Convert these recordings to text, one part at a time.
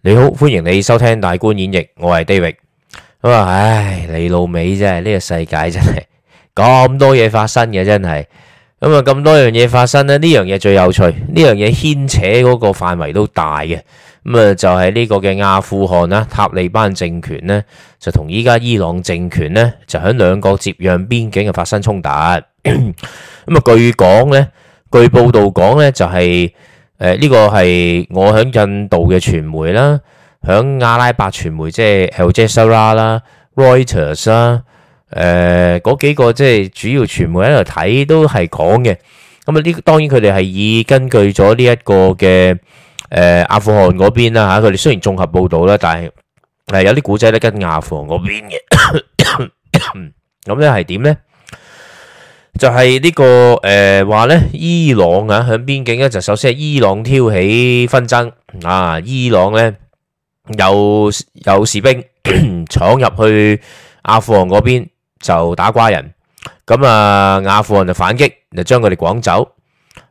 你好，歡迎你收聽大觀演繹，我係 David 咁啊！唉，你老味真係呢個世界真係咁多嘢發生嘅真係，咁啊咁多樣嘢發生呢。呢樣嘢最有趣，呢樣嘢牽扯嗰個範圍都大嘅，咁啊就係呢個嘅阿富汗啦，塔利班政權呢，就同依家伊朗政權呢，就喺兩國接壤邊境嘅發生衝突，咁啊 據講呢，據報道講呢就係、是。誒，呢個係我響印度嘅傳媒啦，響阿拉伯傳媒即係 Al Jazeera 啦、Reuters 啦，誒嗰幾個即係主要傳媒喺度睇都係講嘅。咁啊，呢當然佢哋係以根據咗呢一個嘅誒阿富汗嗰邊啦吓，佢哋雖然綜合報道啦，但係係有啲古仔咧跟阿富汗嗰邊嘅。咁咧係點咧？就係、這個呃、呢個誒話咧，伊朗啊，響邊境咧就首先係伊朗挑起紛爭啊！伊朗咧有有士兵 闖入去阿富汗嗰邊就打瓜人，咁、嗯、啊，阿富汗就反擊，就將佢哋趕走。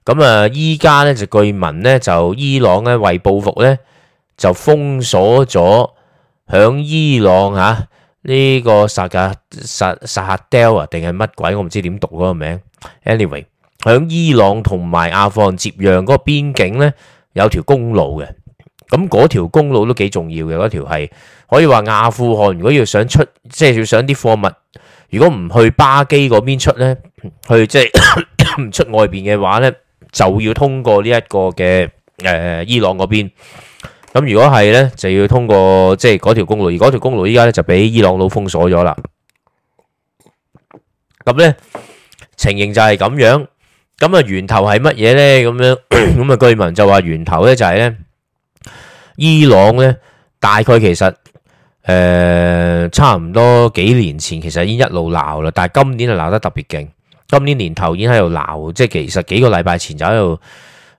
咁、嗯、啊，依家咧就據聞咧，就伊朗咧為報復咧，就封鎖咗響伊朗啊。呢個薩薩薩什格什什哈德爾啊，定係乜鬼？我唔知點讀嗰個名。Anyway，響伊朗同埋阿富汗接壤嗰個邊境咧，有條公路嘅。咁嗰條公路都幾重要嘅，嗰條係可以話阿富汗如果要想出，即係要想啲貨物，如果唔去巴基嗰邊出咧，去即係 唔出外邊嘅話咧，就要通過呢一個嘅誒、呃，伊朗嗰邊。咁如果係咧，就要通過即係嗰條公路。而嗰條公路依家咧就俾伊朗佬封鎖咗啦。咁咧情形就係咁樣。咁啊源頭係乜嘢咧？咁樣咁啊據聞就話源頭咧就係咧伊朗咧。大概其實誒差唔多幾年前其實已經一路鬧啦，但係今年就鬧得特別勁。今年年頭已經喺度鬧，即係其實幾個禮拜前就喺度。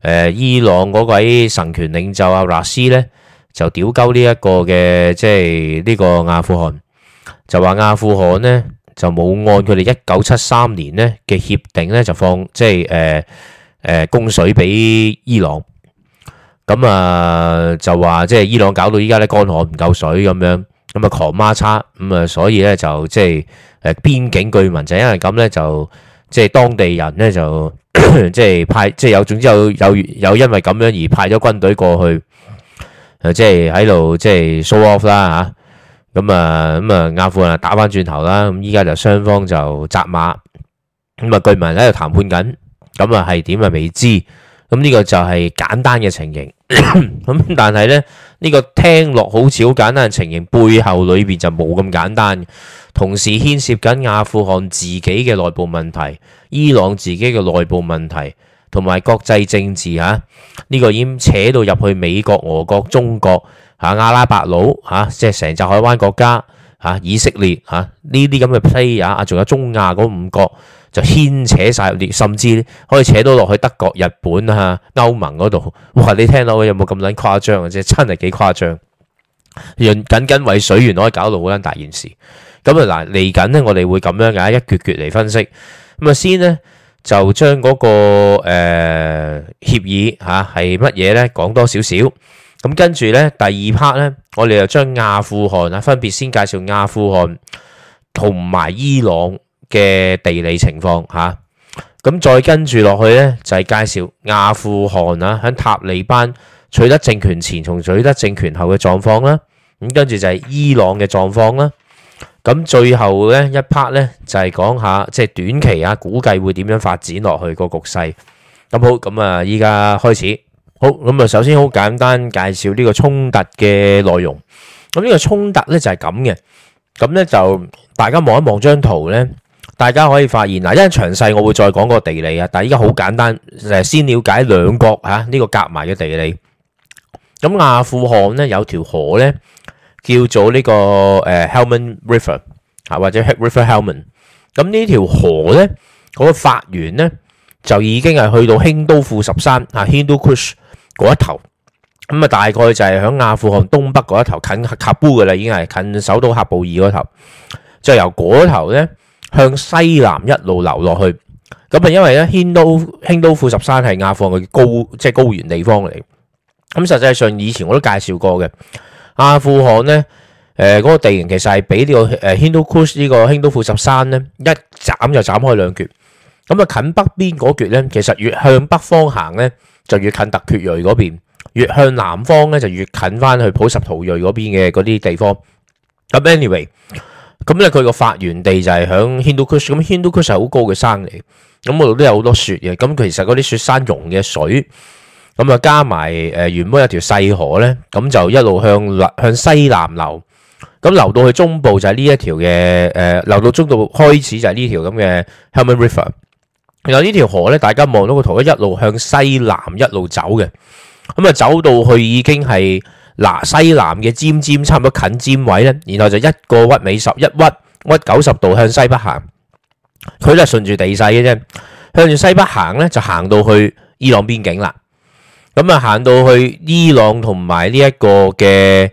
誒，伊朗嗰位神權領袖阿納斯咧，就屌鳩呢一個嘅，即係呢個阿富汗，就話阿富汗咧就冇按佢哋一九七三年咧嘅協定咧就放，即係誒誒供水俾伊朗，咁啊就話即係伊朗搞到依家咧乾旱唔夠水咁樣，咁啊狂孖叉，咁啊所以咧就即係誒邊境居民就因為咁咧就。即係當地人咧就 即係派即係有總之有有有，有因為咁樣而派咗軍隊過去，誒即係喺度即係 show off 啦吓，咁啊咁、嗯、啊阿富汗打翻轉頭啦，咁依家就雙方就紮馬，咁、嗯嗯、啊據聞喺度談判緊，咁啊係點啊未知。咁呢個就係簡單嘅情形，咁 但係呢，呢、呢個聽落好似好簡單嘅情形，背後裏邊就冇咁簡單，同時牽涉緊阿富汗自己嘅內部問題、伊朗自己嘅內部問題，同埋國際政治嚇，呢、啊呢個已經扯到入去美國、俄國、中國嚇、啊、阿拉伯佬嚇、啊，即係成集海灣國家嚇、啊、以色列嚇呢啲咁嘅 player 啊，仲、啊、有中亞嗰五國。就牽扯晒，甚至可以扯到落去德國、日本啊、歐盟嗰度。哇！你聽到佢有冇咁撚誇張啊？真係幾誇張。用僅僅為水源可以搞到好撚大件事。咁啊嗱，嚟緊咧，我哋會咁樣噶，一撅撅嚟分析。咁、那個呃、啊，先咧就將嗰個誒協議嚇係乜嘢咧講多少少。咁跟住咧，第二 part 咧，我哋就將阿富汗啊分別先介紹阿富汗同埋伊朗嘅地理情況嚇，咁、啊、再跟住落去咧，就係、是、介紹阿富汗啦，喺塔利班取得政權前同取得政權後嘅狀況啦。咁、啊、跟住就係伊朗嘅狀況啦。咁、啊、最後咧一 part 咧就係、是、講下即係、就是、短期啊，估計會點樣發展落去個局勢。咁、啊、好，咁啊依家開始。好，咁啊首先好簡單介紹呢個衝突嘅內容。咁、啊這個、呢個衝突咧就係咁嘅。咁、啊、咧就大家望一望張圖咧。大家可以發現嗱，因為詳細我會再講個地理啊。但係依家好簡單，誒先了解兩國嚇呢個夾埋嘅地理。咁阿富汗咧有條河咧叫做呢個誒 Helmand River 嚇，或者 River Helmand。咁呢條河咧嗰個發源咧就已經係去到興都庫什山嚇 （Hindu Kush） 嗰一頭，咁啊大概就係喺阿富汗東北嗰一頭近喀布噶啦，已經係近首都喀布爾嗰頭，就由嗰頭咧，向西南一路流落去，咁啊，因為咧，軒都、興都庫什山係阿富汗嘅高即係高原地方嚟。咁實際上以前我都介紹過嘅，阿富汗咧，誒嗰個地形其實係俾呢個誒軒都庫什呢個興都庫什山咧一斬就斬開兩橛。咁啊，近北邊嗰橛咧，其實越向北方行咧就越近突厥裔嗰邊；越向南方咧就越近翻去普什圖裔嗰邊嘅嗰啲地方。咁 anyway。咁咧，佢個發源地就係響 Hindu Kush，咁 Hindu Kush 係好高嘅山嚟，咁嗰度都有好多雪嘅。咁其實嗰啲雪山融嘅水，咁啊加埋誒原本有條細河咧，咁就一路向向西南流，咁流到去中部就係呢一條嘅誒，流到中度開始就係呢條咁嘅 Helmand River。然後呢條河咧，大家望到個圖咧，一路向西南一路走嘅，咁啊走到去已經係。嗱，西南嘅尖尖差唔多近尖位咧，然後就一個屈尾十一屈屈九十度向西北行，佢咧順住地勢嘅啫，向住西北行咧，就行到去伊朗邊境啦。咁啊，行到去伊朗同埋呢一個嘅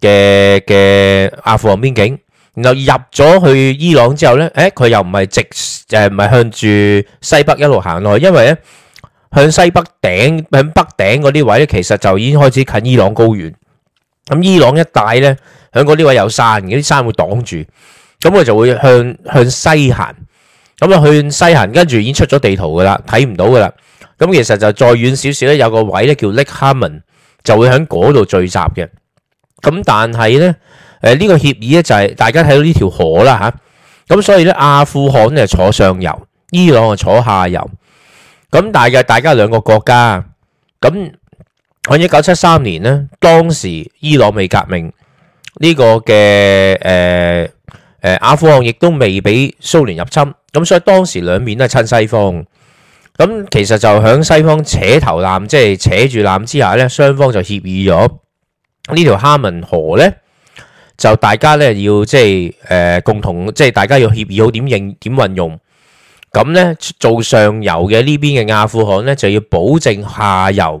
嘅嘅阿富汗邊境，然後入咗去伊朗之後咧，誒，佢又唔係直誒唔係向住西北一路行落去，因為咧向西北頂向北頂嗰啲位咧，其實就已經開始近伊朗高原。咁伊朗一帶咧，喺嗰啲位有山，嗰啲山會擋住，咁佢就會向向西行。咁啊，向西行，跟住已經出咗地圖噶啦，睇唔到噶啦。咁其實就再遠少少咧，有個位咧叫 Lake Hamun，就會喺嗰度聚集嘅。咁但係咧，誒、這、呢個協議咧就係、是、大家睇到呢條河啦嚇。咁所以咧，阿富汗咧坐上游，伊朗啊坐下游。咁大概大家兩個國家咁。喺一九七三年呢，當時伊朗未革命，呢、這個嘅誒誒阿富汗亦都未俾蘇聯入侵，咁所以當時兩面都係親西方，咁其實就喺西方扯頭纜，即係扯住纜之下咧，雙方就協議咗呢條哈文河咧，就大家咧要即係誒、呃、共同，即係大家要協議好點應點運用，咁咧做上游嘅呢邊嘅阿富汗咧就要保證下游，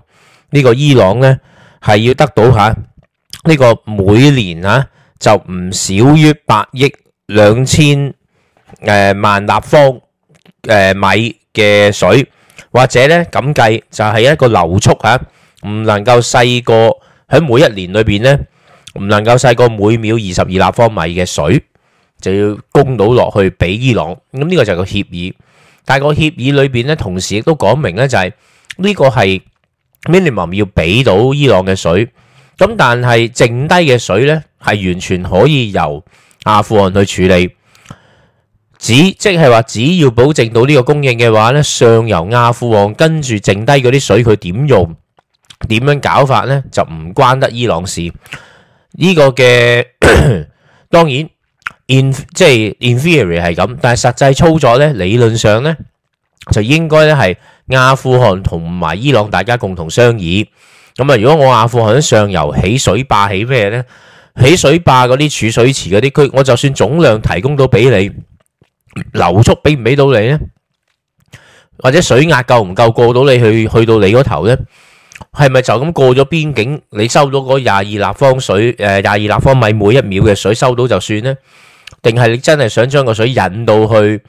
呢個伊朗咧係要得到嚇呢個每年啊，就唔少於八億兩千誒萬立方誒米嘅水，或者咧咁計就係一個流速嚇，唔能夠細過喺每一年裏邊咧，唔能夠細過每秒二十二立方米嘅水，就要供到落去俾伊朗，咁呢個就係個協議。但係個協議裏邊咧，同時亦都講明咧就係呢個係。minimum 要俾到伊朗嘅水，咁但係剩低嘅水咧，係完全可以由阿富汗去處理。只即係話，只要保證到呢個供應嘅話咧，上游阿富汗跟住剩低嗰啲水，佢點用，點樣搞法咧，就唔關得伊朗事。呢個嘅當然 in 即係 in theory 係咁，但係實際操作咧，理論上咧就應該咧係。阿富汗同埋伊朗，大家共同商議咁啊。如果我阿富汗上游起水壩，起咩咧？起水壩嗰啲儲水池嗰啲區，我就算總量提供到俾你，流速俾唔俾到你咧？或者水壓夠唔夠過到你去？去到你嗰頭咧？係咪就咁過咗邊境，你收到嗰廿二立方水誒，廿二立方米每一秒嘅水收到就算咧？定係你真係想將個水引到去？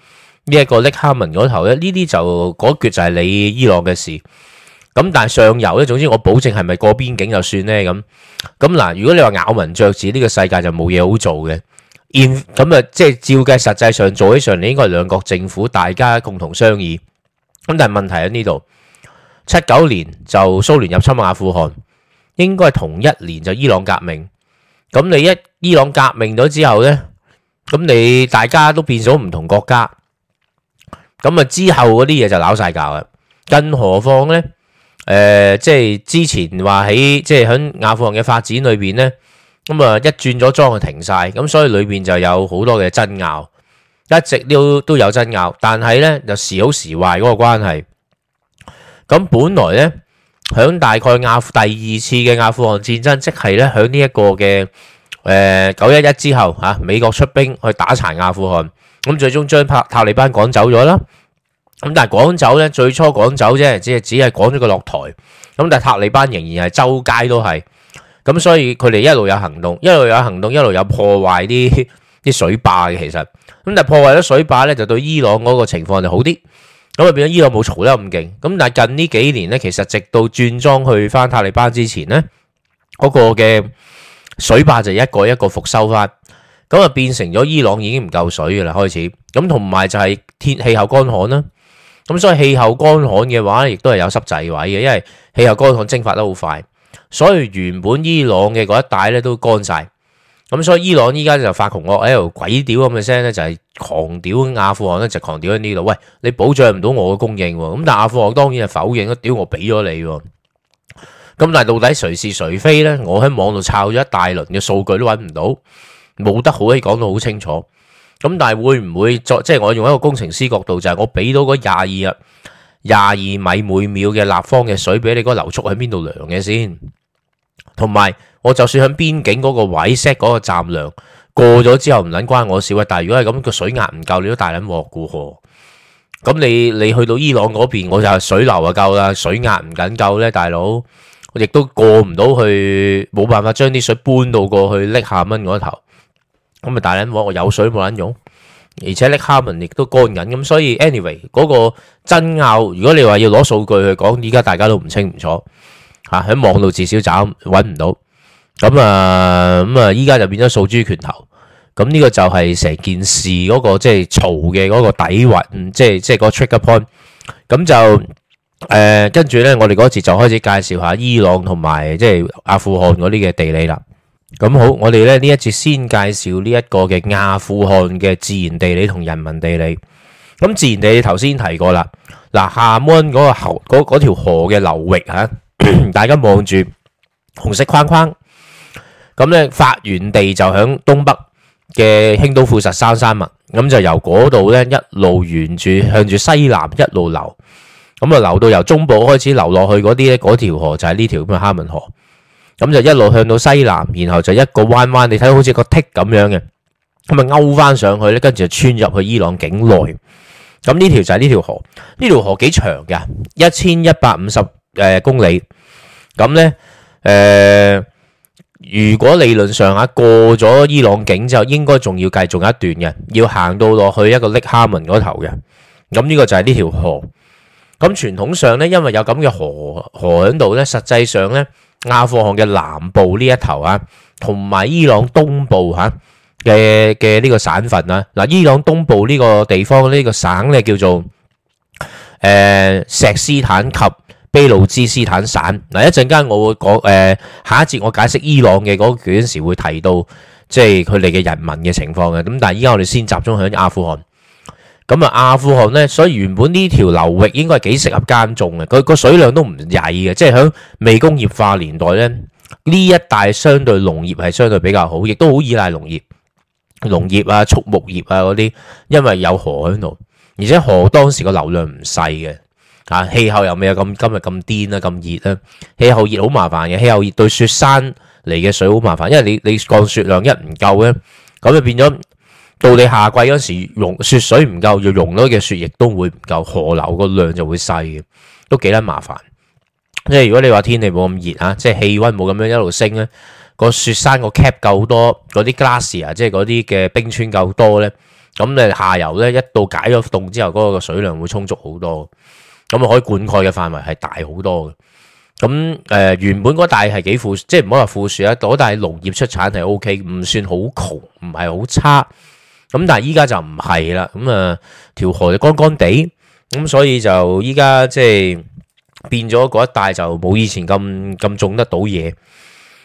呢一個拎哈文嗰頭咧，呢啲就嗰一腳就係你伊朗嘅事。咁但係上游咧，總之我保證係咪過邊境就算咧，咁。咁嗱，如果你話咬文嚼字，呢個世界就冇嘢好做嘅。咁啊，即係照計實際上做起上嚟，應該係兩國政府大家共同商議。咁但係問題喺呢度，七九年就蘇聯入侵阿富汗，應該係同一年就伊朗革命。咁你一伊朗革命咗之後咧，咁你大家都變咗唔同國家。咁啊之後嗰啲嘢，就拗晒交啦，更何況呢？誒、呃、即係之前話喺即係喺阿富汗嘅發展裏邊呢，咁、嗯、啊一轉咗莊就停晒，咁所以裏面就有好多嘅爭拗，一直都都有爭拗，但係呢，又時好時壞嗰個關係。咁本來呢，響大概亞第二次嘅阿富汗戰爭，即係呢響呢一個嘅誒九一一之後吓、啊，美國出兵去打殘阿富汗。咁最終將塔塔利班趕走咗啦。咁但係趕走咧，最初趕走啫，只係只係趕咗佢落台。咁但係塔利班仍然係周街都係。咁所以佢哋一路有行動，一路有行動，一路有破壞啲啲水壩嘅。其實咁但係破壞咗水壩咧，就對伊朗嗰個情況就好啲。咁啊變咗伊朗冇嘈得咁勁。咁但係近呢幾年咧，其實直到轉裝去翻塔利班之前咧，嗰個嘅水壩就一個一個復修翻。咁啊，變成咗伊朗已經唔夠水嘅啦，開始咁同埋就係天氣候乾旱啦，咁所以氣候乾旱嘅話，亦都係有濕滯位嘅，因為氣候乾旱蒸發得好快，所以原本伊朗嘅嗰一帶咧都乾晒，咁所以伊朗依家就發窮惡，哎呦鬼屌咁嘅聲咧，就係狂屌阿富汗咧，就狂屌喺呢度，喂你保障唔到我嘅供應喎，咁但係阿富汗當然係否認，屌我俾咗你喎，咁但係到底誰是誰非咧？我喺網度抄咗一大輪嘅數據都揾唔到。冇得好可以講到好清楚咁，但係會唔會作即係我用一個工程師角度就係、是、我俾到個廿二啊廿二米每秒嘅立方嘅水俾你，嗰、那個流速喺邊度量嘅先？同埋我就算喺邊境嗰個位 set 嗰個站量過咗之後唔捻關我事啊。但係如果係咁個水壓唔夠，你都大捻鑊。咁你你去到伊朗嗰邊，我就係水流就夠啦，水壓唔緊夠咧，大佬我亦都過唔到去，冇辦法將啲水搬到過去拎下蚊嗰頭。咁啊！大卵網，我有水冇卵用，而且 n i 文亦都幹緊，咁所以 anyway 嗰個爭拗，如果你話要攞數據去講，依家大家都唔清唔楚吓，喺網度至少找揾唔到，咁啊咁啊，依、呃、家就變咗數珠拳頭，咁呢個就係成件事嗰、那個即係嘈嘅嗰個底蘊，即係即係嗰個 trigger point。咁就誒跟住咧，我哋嗰節就開始介紹下伊朗同埋即係阿富汗嗰啲嘅地理啦。咁好，我哋咧呢一節先介紹呢一個嘅阿富汗嘅自然地理同人文地理。咁自然地理頭先提過啦，嗱、那個，哈文嗰個河，條河嘅流域吓、啊，大家望住紅色框框。咁咧發源地就響東北嘅興都庫什山山脈，咁就由嗰度咧一路沿住向住西南一路流，咁啊流到由中部開始流落去嗰啲咧，嗰條河就係、是、呢條咁嘅哈文河。咁就一路向到西南，然後就一個彎彎，你睇到好似個剔咁樣嘅，咁咪勾翻上去咧，跟住就穿入去伊朗境內。咁呢條就係呢條河，呢條河幾長嘅，一千一百五十誒公里。咁咧，誒，如果理論上啊過咗伊朗境之後，應該仲要計仲有一段嘅，要行到落去一個勒哈文嗰頭嘅。咁呢個就係呢條河。咁傳統上咧，因為有咁嘅河河喺度咧，實際上咧。阿富汗嘅南部呢一頭啊，同埋伊朗東部吓嘅嘅呢個省份啊，嗱，伊朗東部呢個地方呢，這個省咧叫做誒，呃、錫斯坦及卑魯茲斯坦省，嗱，一陣間我會講誒下一節我解釋伊朗嘅嗰段時會提到，即係佢哋嘅人民嘅情況嘅，咁但係依家我哋先集中響阿富汗。咁啊，阿富汗呢？所以原本呢條流域應該係幾適合耕種嘅，佢個水量都唔曳嘅，即係響未工業化年代呢，呢一帶相對農業係相對比較好，亦都好依賴農業、農業啊、畜牧業啊嗰啲，因為有河喺度，而且河當時個流量唔細嘅，啊，氣候又未有咁今日咁癲啊、咁熱啊。氣候熱好麻煩嘅，氣候熱對雪山嚟嘅水好麻煩，因為你你降雪量一唔夠呢，咁就變咗。到你夏季嗰時融雪水唔夠，要融咗嘅雪液都會唔夠，河流個量就會細嘅，都幾得麻煩。即係如果你話天氣冇咁熱啊，即係氣溫冇咁樣一路升咧，個雪山個 cap 夠多，嗰啲 glacier 啊，即係嗰啲嘅冰川夠多咧，咁你下游咧一到解咗凍之後，嗰、嗰個水量會充足好多，咁啊可以灌溉嘅範圍係大好多嘅。咁誒、呃、原本嗰帶係幾富，即係唔好話富庶啊，嗰帶農業出產係 O K，唔算好窮，唔係好差。咁但係依家就唔係啦，咁啊條河就乾乾地，咁所以就依家即係變咗嗰一帶就冇以前咁咁種得到嘢。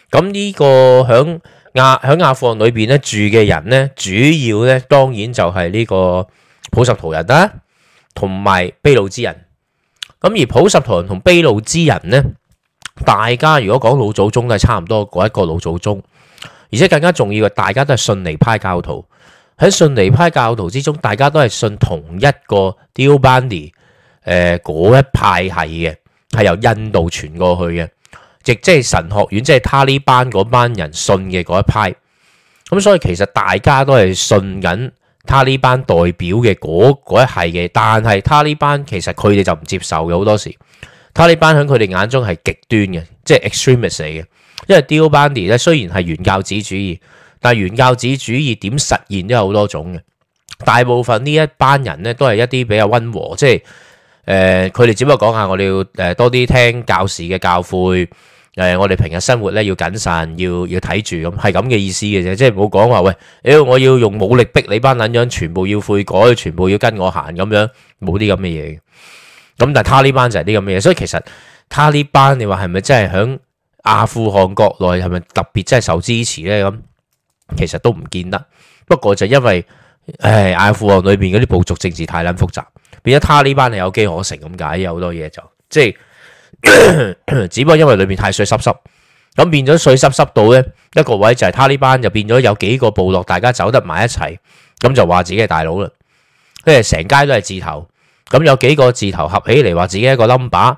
咁呢個喺亞喺阿富汗裏邊咧住嘅人咧，主要咧當然就係呢個普什圖人啦、啊，同埋俾路支人。咁而普什圖人同俾路支人咧，大家如果講老祖宗都係、就是、差唔多嗰一個老祖宗，而且更加重要嘅，大家都係遜尼派教徒。喺遜尼派教徒之中，大家都係信同一個 Deobandi 誒、呃、嗰一派系嘅，係由印度傳過去嘅，即係神學院，即係塔利班嗰班人信嘅嗰一派。咁所以其實大家都係信緊塔利班代表嘅嗰一係嘅，但係塔利班其實佢哋就唔接受嘅，好多時，塔利班喺佢哋眼中係極端嘅，即、就、係、是、extremist 嚟嘅。因為 Deobandi 咧雖然係原教旨主義。但係原教旨主義點實現都有好多種嘅，大部分呢一班人咧都係一啲比較溫和，即係誒佢哋只不過講下我哋要誒多啲聽教士嘅教誨，誒、呃、我哋平日生活咧要謹慎，要要睇住咁，係咁嘅意思嘅啫，即係唔好講話喂，屌我要用武力逼你班撚樣，全部要悔改，全部要跟我行咁樣，冇啲咁嘅嘢。咁但係塔利班就係啲咁嘅嘢，所以其實塔利班你話係咪真係響阿富汗國內係咪特別真係受支持咧咁？其實都唔見得，不過就因為誒，阿富汗裏邊嗰啲部族政治太捻複雜，變咗塔利班係有機可乘咁解，有好多嘢就即係， 只不過因為裏面太碎濕濕，咁變咗碎濕濕到呢，一個位就係塔利班就變咗有幾個部落大家走得埋一齊，咁就話自己係大佬啦。跟住成街都係字頭，咁有幾個字頭合起嚟，話自己一個 number。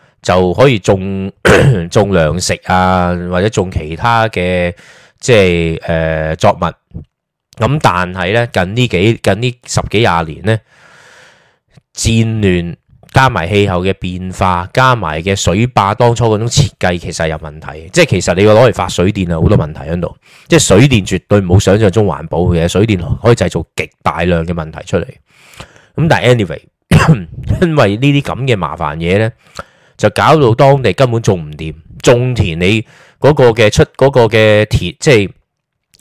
就可以種 種糧食啊，或者種其他嘅，即係誒、呃、作物。咁但係咧，近呢幾近呢十幾廿年咧，戰亂加埋氣候嘅變化，加埋嘅水壩當初嗰種設計其實有問題，即係其實你要攞嚟發水電啊，好多問題喺度。即係水電絕對冇想象中環保嘅，水電可以製造極大量嘅問題出嚟。咁但係，anyway， 因為這這呢啲咁嘅麻煩嘢咧。就搞到當地根本種唔掂，種田你嗰個嘅出嗰個嘅田，即係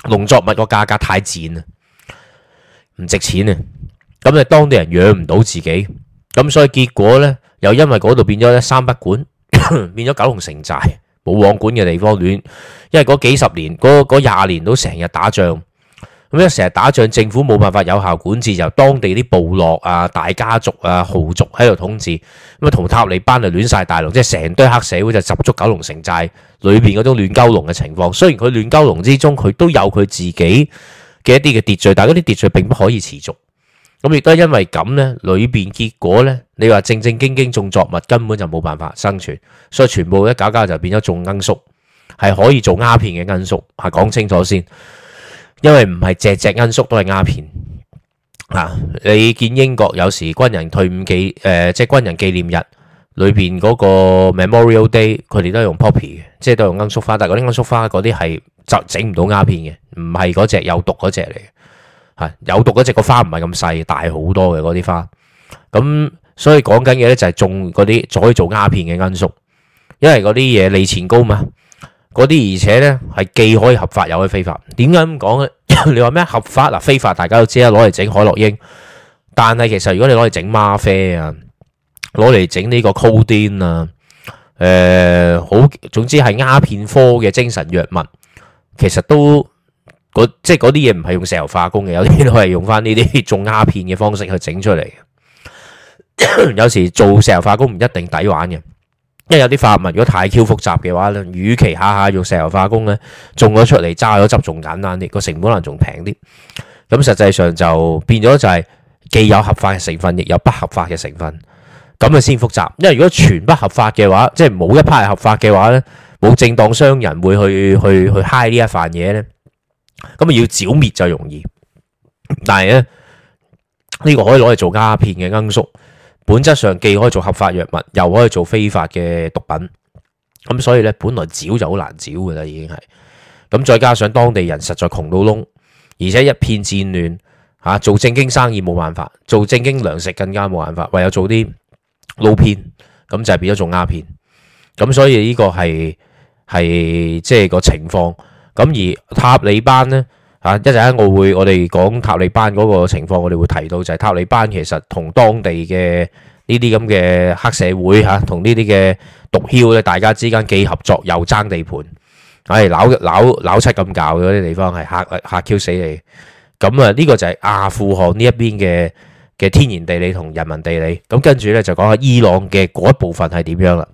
農作物個價格太賤啦，唔值錢啊！咁你當地人養唔到自己，咁所以結果呢，又因為嗰度變咗咧三不管， 變咗九龍城寨冇王管嘅地方亂，因為嗰幾十年嗰廿年都成日打仗。咁咧成日打仗，政府冇辦法有效管治，由當地啲部落啊、大家族啊、豪族喺度統治，咁啊同塔利班就亂晒大龍，即係成堆黑社會就十足九龍城寨裏邊嗰種亂鳩龍嘅情況。雖然佢亂鳩龍之中，佢都有佢自己嘅一啲嘅秩序，但係嗰啲秩序並不可以持續。咁亦都係因為咁呢裏邊結果呢，你話正正經經種作物根本就冇辦法生存，所以全部一搞搞就變咗種罌粟，係可以做鴉片嘅罌粟，係講清楚先。因為唔係隻隻罌粟都係鴉片啊！你見英國有時軍人退伍紀誒，即係軍人紀念日裏邊嗰個 Memorial Day，佢哋都係用 poppy 嘅，即係都用罌粟花。但係嗰啲罌粟花嗰啲係就整唔到鴉片嘅，唔係嗰隻有毒嗰隻嚟嘅嚇。有毒嗰隻個花唔係咁細，大好多嘅嗰啲花。咁所以講緊嘢咧，就係種嗰啲可以做鴉片嘅罌粟，因為嗰啲嘢利錢高嘛。嗰啲而且咧係既可以合法又可以非法。點解咁講咧？你話咩？合法嗱，非法大家都知啦，攞嚟整海洛英。但係其實如果你攞嚟整嗎啡啊，攞嚟整呢個可待因啊，誒，好，總之係鴉片科嘅精神藥物，其實都即係嗰啲嘢唔係用石油化工嘅，有啲都係用翻呢啲種鴉片嘅方式去整出嚟。 有時做石油化工唔一定抵玩嘅。因為有啲法文如果太 Q 複雜嘅話咧，與其下下用石油化工咧種咗出嚟揸咗汁，仲簡單啲，個成本可能仲平啲。咁實際上就變咗就係既有合法嘅成分，亦有不合法嘅成分，咁啊先複雜。因為如果全不合法嘅話，即係冇一派合法嘅話咧，冇正當商人會去去去 high 呢一範嘢咧，咁啊要剿滅就容易。但係咧，呢、這個可以攞嚟做鴉片嘅罌粟。本質上既可以做合法藥物，又可以做非法嘅毒品。咁所以咧，本來找就好難找㗎啦，已經係。咁再加上當地人實在窮到窿，而且一片戰亂，嚇、啊、做正經生意冇辦法，做正經糧食更加冇辦法，唯有做啲撈偏，咁就係變咗做鴉片。咁所以呢個係係即係個情況。咁而塔利班呢。啊！一陣間我會我哋講塔利班嗰個情況，我哋會提到就係塔利班其實同當地嘅呢啲咁嘅黑社會嚇，同呢啲嘅毒梟咧，大家之間既合作又爭地盤，唉，扭扭扭七咁搞嗰啲地方係嚇嚇 Q 死你。咁啊，呢個就係阿富汗呢一邊嘅嘅天然地理同人文地理。咁跟住咧就講下伊朗嘅嗰一部分係點樣啦。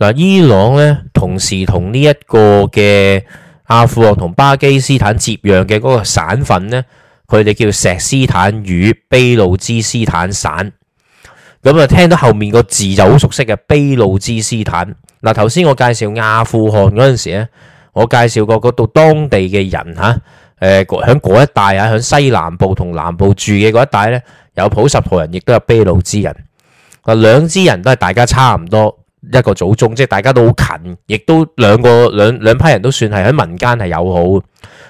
嗱，伊朗咧同時同呢一個嘅。阿富汗同巴基斯坦接壤嘅嗰個省份呢，佢哋叫石斯坦與俾路支斯坦省。咁啊，聽到後面個字就好熟悉嘅，俾路支斯坦。嗱，頭先我介紹阿富汗嗰陣時呢，我介紹過嗰度當地嘅人吓，誒，響嗰一帶啊，響西南部同南部住嘅嗰一帶呢，有普什圖人，亦都有俾路支人。嗱，兩支人都係大家差唔多。一個祖宗，即係大家都好近，亦都兩個兩兩批人都算係喺民間係友好。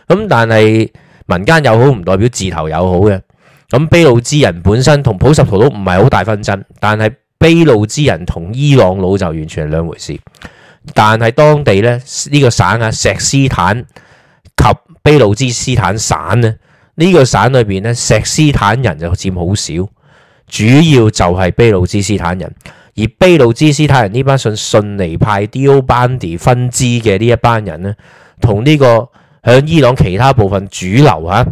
咁但係民間友好唔代表字頭友好嘅。咁卑魯之人本身同普什圖都唔係好大分爭，但係卑魯之人同伊朗佬就完全係兩回事。但係當地咧呢、這個省啊，石斯坦及卑魯茲斯坦省呢、啊，呢、這個省裏邊呢，石斯坦人就佔好少，主要就係卑魯茲斯坦人。而俾路支斯坦人呢班信遜尼派 Deobandi 分支嘅呢一班人呢，同呢個響伊朗其他部分主流啊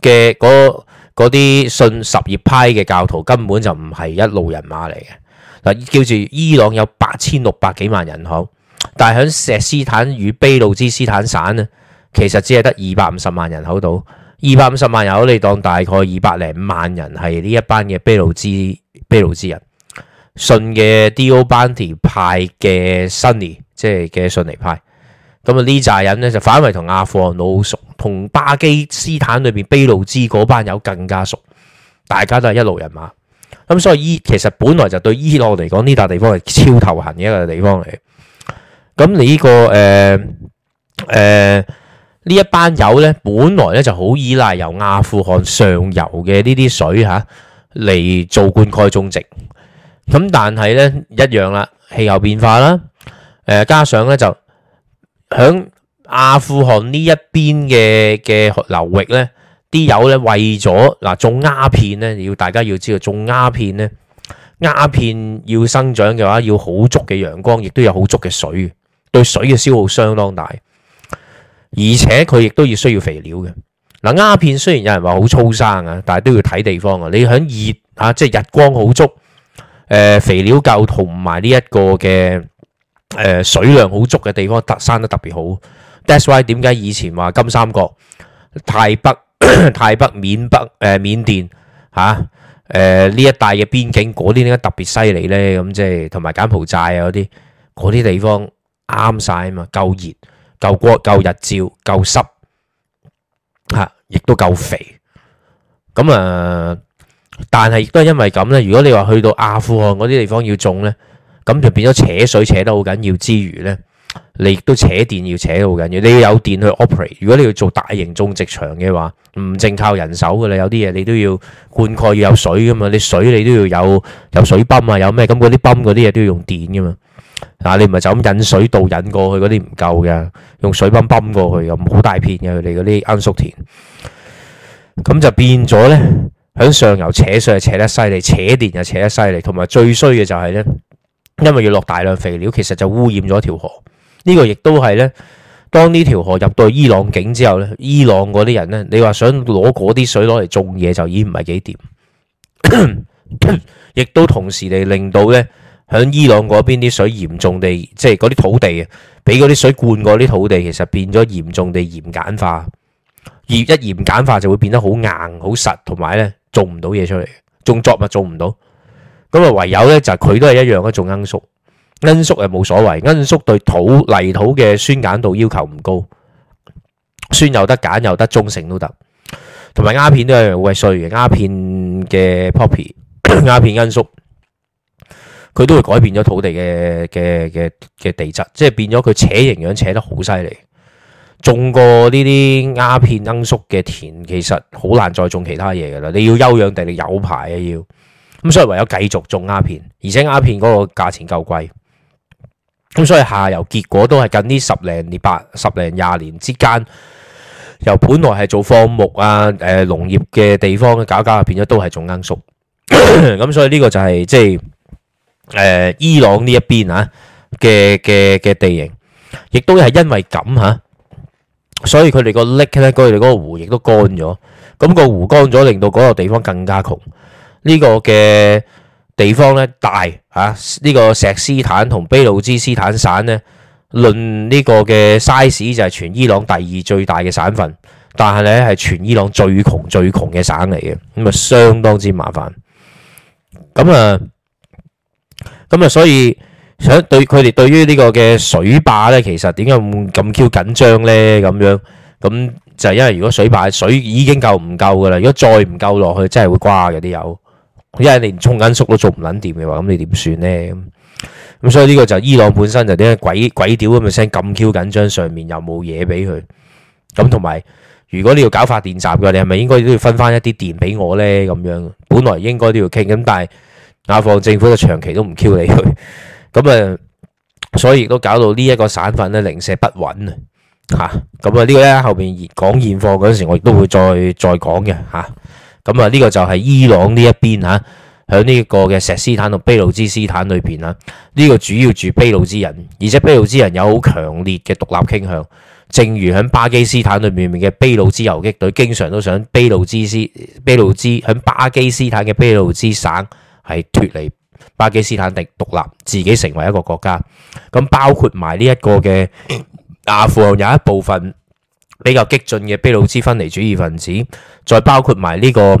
嘅嗰啲信什葉派嘅教徒根本就唔係一路人馬嚟嘅嗱。叫住伊朗有八千六百幾萬人口，但係響錫斯坦與俾路支斯坦省呢，其實只係得二百五十萬人口度，二百五十萬人口你當大概二百零五萬人係呢一班嘅俾路支俾路支人。信嘅 Diobanti 派嘅遜尼，即係嘅遜尼派，咁啊呢扎人咧就反為同阿富汗佬好熟，同巴基斯坦裏邊俾路支嗰班友更加熟，大家都係一路人馬。咁所以伊其實本來就對伊朗嚟講，呢笪地方係超頭痕嘅一個地方嚟。咁你呢個誒誒呢一班友咧，本來咧就好依賴由阿富汗上游嘅呢啲水吓嚟、啊、做灌溉種植。咁但係咧一樣啦，氣候變化啦，誒、呃、加上咧就響阿富汗呢一邊嘅嘅流域咧，啲油咧為咗嗱、啊、種鴉片咧，要大家要知道種鴉片咧，鴉片要生長嘅話，要好足嘅陽光，亦都有好足嘅水，對水嘅消耗相當大，而且佢亦都要需要肥料嘅。嗱、啊、鴉片雖然有人話好粗生啊，但係都要睇地方啊。你響熱啊，即係日光好足。誒、呃、肥料夠同埋呢一個嘅誒、呃、水量好足嘅地方，特生得特別好。That's why 點解以前話金三角、泰北、 泰北、緬北、呃、緬北誒緬甸嚇誒呢一帶嘅邊境嗰啲點解特別犀利咧？咁即係同埋柬埔寨啊嗰啲啲地方啱晒啊嘛，夠熱、夠光、夠日照、夠濕嚇，亦、啊、都夠肥。咁啊～、呃但係亦都係因為咁咧，如果你話去到阿富汗嗰啲地方要種咧，咁就變咗扯水扯得好緊要之餘咧，你亦都扯電要扯得好緊要。你要有電去 operate。如果你要做大型種植場嘅話，唔淨靠人手噶啦，有啲嘢你都要灌溉要有水噶嘛，你水你都要有有水泵啊，有咩咁嗰啲泵嗰啲嘢都要用電噶嘛。嗱，你唔係就咁引水道引過去嗰啲唔夠嘅，用水泵泵過去又冇大片嘅佢哋嗰啲罌粟田，咁就變咗咧。喺上游扯水就扯得犀利，扯電就扯得犀利，同埋最衰嘅就係呢，因為要落大量肥料，其實就污染咗條河。呢個亦都係呢，當呢條河入到伊朗境之後呢，伊朗嗰啲人呢，你話想攞嗰啲水攞嚟種嘢就已經唔係幾掂。亦 都同時地令到呢，喺伊朗嗰邊啲水嚴重地，即係嗰啲土地，俾嗰啲水灌過啲土地，其實變咗嚴重地鹽鹼化。而一鹽鹼化就會變得好硬好實，同埋呢。做唔到嘢出嚟，種作物做唔到，咁啊唯有咧就佢、是、都係一樣啊，種罌粟，罌粟又冇所謂，罌粟對土泥土嘅酸鹼度要求唔高，酸又得鹼又得，中性都得，同埋鴉片都係一樣嘅鴉片嘅 poppy，鴉片罌粟佢都會改變咗土地嘅嘅嘅嘅地質，即係變咗佢扯營養扯得好犀利。種過呢啲鴉片罌粟嘅田，其實好難再種其他嘢噶啦。你要休養地力有排啊，要咁所以唯有繼續種鴉片，而且鴉片嗰個價錢夠貴，咁所以下游結果都係近呢十零年、八十零廿年之間，由本來係做放牧啊、誒農業嘅地方搞搞變咗都係種罌粟。咁所以呢個就係即係誒伊朗呢一邊吓嘅嘅嘅地形，亦都係因為咁吓。所以佢哋個 lake 咧，嗰佢哋嗰個湖亦都乾咗。咁、嗰個湖乾咗，令到嗰個地方更加窮。呢、呢個嘅地方咧大啊！呢、呢個石斯坦同卑魯茲斯，斯坦省咧，論呢個嘅 size 就係全伊朗第二最大嘅省份，但係咧係全伊朗最窮最窮嘅省嚟嘅。咁啊，相當之麻煩。咁啊，咁啊，所以。想對佢哋對於呢個嘅水壩咧，其實點解咁咁 Q 緊張咧？咁樣咁就係因為如果水壩水已經夠唔夠噶啦，如果再唔夠落去，真係會瓜嘅啲油，因為你連充緊縮都做唔撚掂嘅話，咁你點算咧？咁所以呢個就伊朗本身就點解鬼鬼屌咁嘅聲咁 Q 緊張，上面又冇嘢俾佢咁，同埋如果你要搞發電站嘅，你係咪應該都要分翻一啲電俾我咧？咁樣本來應該都要傾咁，但係阿富汗政府就長期都唔 Q 你去。咁啊， 所以亦都搞到呢一個省份咧零舍不穩啊！吓，咁啊呢個咧後邊講現貨嗰陣時，我亦都會再再講嘅吓。咁啊呢個就係伊朗呢一邊吓，喺呢一個嘅石斯坦同卑路支斯坦裏邊啊，呢個主要住卑路支人，而且卑路支人有好強烈嘅獨立傾向。正如喺巴基斯坦裏面面嘅卑路支游擊隊，經常都想卑路支斯卑路支喺巴基斯坦嘅卑路支省係脫離巴基斯坦定獨立，自己成為一個國家，咁包括埋呢一個嘅 阿富汗有一部分比較激進嘅俾路支分離主義分子，再包括埋呢個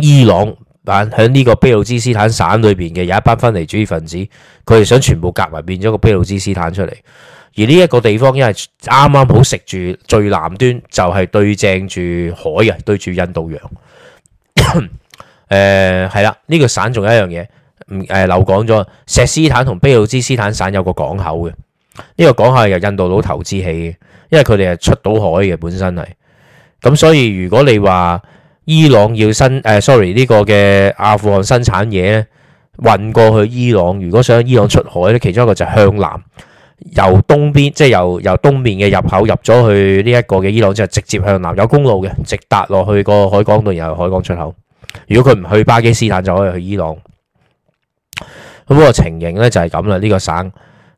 伊朗響呢、啊、個俾路支斯坦省裏邊嘅有一班分離主義分子，佢哋想全部夾埋變咗個俾路支斯坦出嚟。而呢一個地方因為啱啱好食住最南端，就係對正住海啊，對住印度洋。誒，係 啦，呢、呃呢個省仲有一樣嘢。唔誒，漏講咗。錫斯坦同俾路支斯坦省有個港口嘅呢、呢個港口係由印度佬投資起嘅，因為佢哋係出到海嘅本身係咁，所以如果你話伊朗要生誒、呃、sorry 呢個嘅阿富汗生產嘢運過去伊朗，如果想伊朗出海咧，其中一個就向南由東邊即係、就是、由由東面嘅入口入咗去呢一個嘅伊朗之後，直接向南有公路嘅直達落去個海港度，然後海港出口。如果佢唔去巴基斯坦，就可以去伊朗。咁嗰個情形咧就係咁啦。呢個省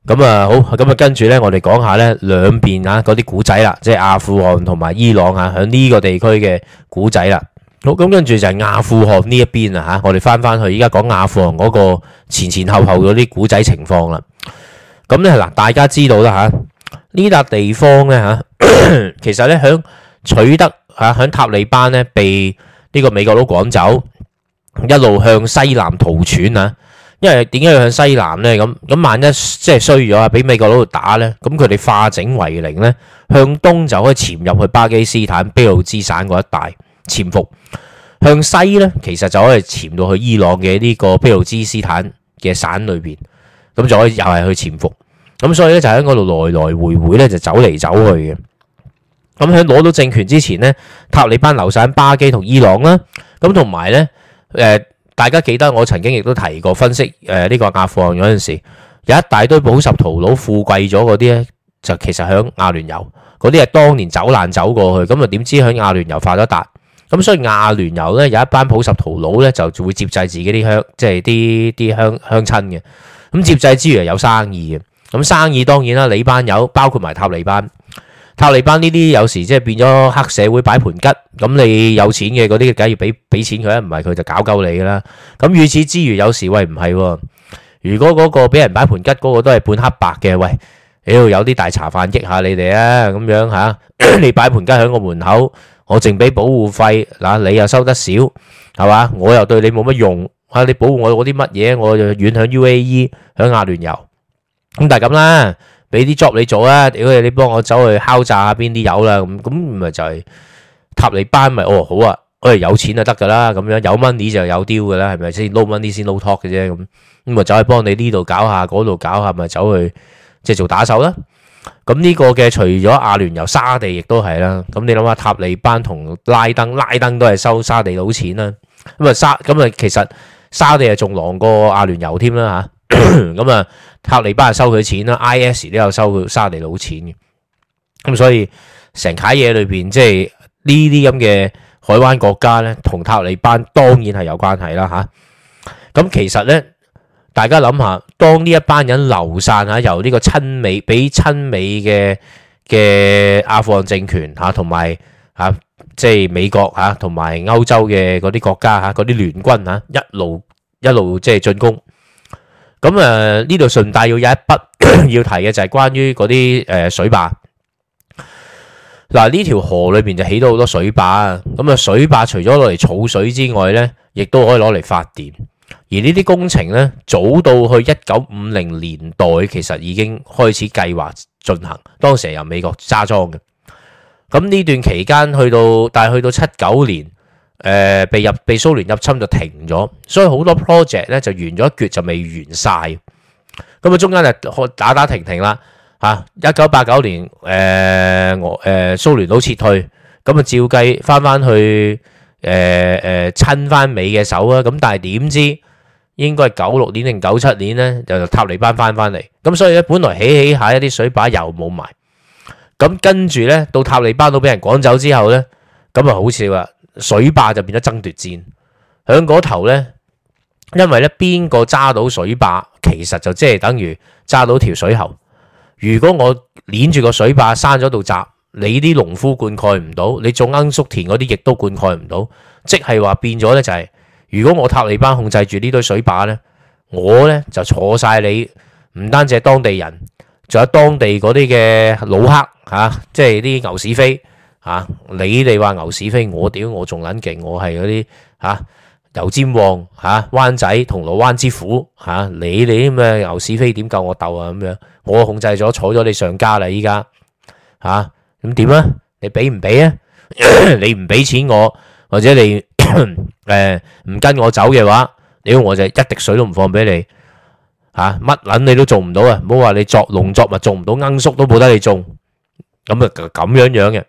咁啊，好咁啊，跟住咧，我哋講下咧兩邊啊嗰啲古仔啦，即係阿富汗同埋伊朗啊，喺呢個地區嘅古仔啦。好咁，跟住就係阿富汗呢一邊啊，吓，我哋翻翻去，依家講阿富汗嗰個前前後後嗰啲古仔情況啦。咁咧嗱，大家知道啦吓，呢笪地方咧吓， 其實咧喺取得啊喺塔利班咧被呢個美國佬趕走，一路向西南逃竄啊。因為點解要向西南咧？咁咁萬一即係衰咗啊，俾美國佬度打咧，咁佢哋化整為零咧，向東就可以潛入去巴基斯坦卑路支省嗰一帶潛伏，向西咧其實就可以潛到去伊朗嘅呢、這個卑路支斯坦嘅省裏邊，咁就可以又係去潛伏。咁所以咧就喺嗰度來來回回咧就走嚟走去嘅。咁喺攞到政權之前咧，塔利班流散巴基同伊朗啦。咁同埋咧，誒、呃。大家記得我曾經亦都提過分析，誒呢個阿富汗嗰陣時，有一大堆普什圖佬富貴咗嗰啲咧，就其實喺亞聯酋嗰啲係當年走難走過去，咁啊點知喺亞聯酋發咗達，咁所以亞聯酋咧有一班普什圖佬咧就會接濟自己啲鄉，即係啲啲鄉鄉親嘅，咁接濟之餘係有生意嘅，咁生意當然啦，你班友，包括埋塔利班。塔利班呢啲有時即係變咗黑社會擺盤吉，咁你有錢嘅嗰啲，梗要俾俾錢佢啦，唔係佢就搞鳩你㗎喇。咁與此之餘，有時喂唔係，如果嗰個俾人擺盤吉嗰個都係半黑白嘅，喂，屌有啲大茶飯益下你哋啊，咁樣吓，你擺盤吉喺我門口，我淨俾保護費，嗱你又收得少，係嘛？我又對你冇乜用，吓你保護我嗰啲乜嘢？我就遠響 UAE 響阿聯酋，咁就係咁啦。俾啲 job 你做啊！屌你，你幫我走去敲詐邊啲友啦咁，咁咪就係塔利班咪哦好啊，誒有錢就得噶啦，咁樣有 money 就有丟噶啦，係咪先撈 money 先撈、no、talk 嘅啫咁，咁咪走去幫你呢度搞下，嗰度搞下，咪走去即係做打手啦。咁呢個嘅除咗阿聯酋沙地亦都係啦。咁你諗下塔利班同拉登，拉登都係收沙地佬錢啦。咁啊沙，咁啊其實沙地係仲狼過阿聯酋添啦吓。咁啊。塔利班係收佢錢啦，IS 都有收佢沙地佬錢嘅，咁所以成卡嘢裏邊，即係呢啲咁嘅海灣國家咧，同塔利班當然係有關係啦嚇。咁其實咧，大家諗下，當呢一班人流散嚇，由呢個親美俾親美嘅嘅阿富汗政權嚇，同埋嚇即係美國嚇，同埋歐洲嘅嗰啲國家嚇，嗰啲聯軍嚇一路一路即係進攻。咁啊，呢度、嗯、順帶要有一筆 要提嘅就係關於嗰啲誒水壩。嗱、呃，呢條河裏面就起咗好多水壩啊。咁啊，水壩除咗攞嚟儲水之外呢，亦都可以攞嚟發電。而呢啲工程呢，早到去一九五零年代，其實已經開始計劃進行。當時由美國揸莊嘅。咁、嗯、呢段期間去到，但係去到七九年。誒，被入被蘇聯入侵就停咗，所以好多 project 咧就完咗一橛就未完晒。咁啊，中間就打打停停啦吓。一九八九年誒，我誒蘇聯都撤退，咁啊照計翻翻去誒誒親翻美嘅手啊。咁但係點知應該九六年定九七年咧，就塔利班翻翻嚟。咁所以咧本來起起下一啲水壩又冇埋，咁跟住咧到塔利班都俾人趕走之後咧，咁啊好笑啦。水壩就變咗爭奪戰，響嗰頭呢，因為咧邊個揸到水壩，其實就即係等於揸到條水喉。如果我捻住個水壩閂咗度閘，你啲農夫灌溉唔到，你種罌粟田嗰啲亦都灌溉唔到，即係話變咗呢，就係、是，如果我塔利班控制住呢堆水壩呢，我呢就坐晒你，唔單止係當地人，仲有當地嗰啲嘅老黑吓、啊，即係啲牛屎飛。啊！你哋話牛屎飛，我屌我仲撚勁，我係嗰啲吓油尖旺吓灣、啊、仔銅鑼灣之虎吓、啊，你哋咩牛屎飛點夠我鬥啊咁樣？我控制咗坐咗你上家啦，依家吓咁點啊？你俾唔俾啊？ 你唔俾錢我，或者你誒 唔、呃、跟我走嘅話，屌我就一滴水都唔放俾你吓，乜、啊、撚你都做唔到啊！唔好話你作農作物做唔到罌粟都冇得你種，咁啊咁樣樣嘅。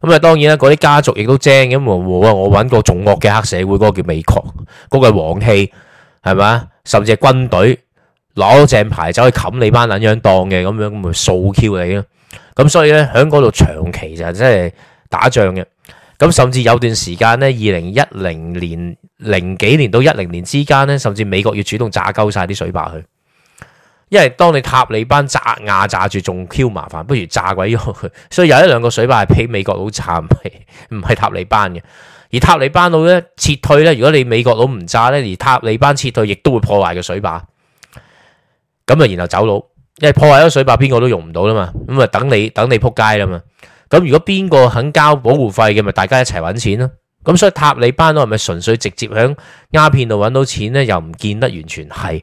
咁啊，當然啦，嗰啲家族亦都精咁。我我我揾過最惡嘅黑社會嗰、嗰個叫美國，嗰、嗰個係武器係嘛，甚至係軍隊攞正牌走去冚你班撚樣檔嘅咁樣咁咪掃 Q 你啦。咁所以咧喺嗰度長期就是、真係打仗嘅。咁甚至有段時間咧，二零一零年零幾年到一零年之間咧，甚至美國要主動炸鳩晒啲水壩去。因為當你塔利班炸亞炸住仲 Q 麻煩，不如炸鬼咗佢。 所以有一兩個水壩係俾美國佬炸，唔係塔利班嘅。而塔利班佬咧撤退咧，如果你美國佬唔炸咧，而塔利班撤退亦都會破壞個水壩。咁啊，然後走佬，因為破壞咗水壩，邊個都用唔到啦嘛。咁啊，等你等你扑街啦嘛。咁如果邊個肯交保護費嘅，咪大家一齊揾錢咯。咁所以塔利班佬係咪純粹直接響鴉片度揾到錢咧？又唔見得完全係。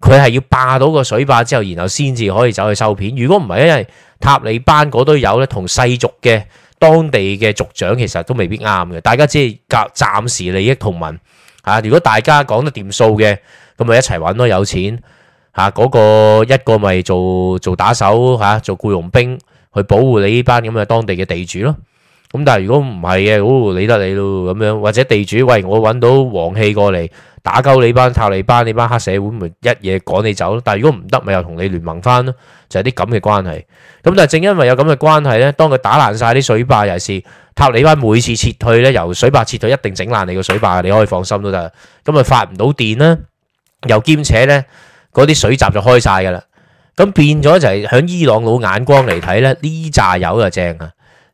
佢係要霸到個水壩之後，然後先至可以走去收片。如果唔係，因為塔利班嗰堆友咧，同世俗嘅當地嘅族長其實都未必啱嘅。大家只係暫暫時利益同盟嚇。如果大家講得掂數嘅，咁咪一齊揾咯，有錢嚇。嗰個一個咪做做打手嚇，做僱傭兵去保護你呢班咁嘅當地嘅地主咯。咁但係如果唔係嘅，好，理得你咯咁樣，或者地主，喂，我揾到黃氣過嚟。打鳩你班塔利班，你班黑社會咪一嘢趕你走咯。但係如果唔得，咪又同你聯盟翻咯，就係啲咁嘅關係。咁但係正因為有咁嘅關係呢，當佢打爛晒啲水壩，尤其是塔利班每次撤退呢，由水壩撤退一定整爛你個水壩，你可以放心都得。咁啊發唔到電啦，又兼且呢，嗰啲水閘就開晒噶啦，咁變咗就係響伊朗佬眼光嚟睇呢，呢炸油就正啊！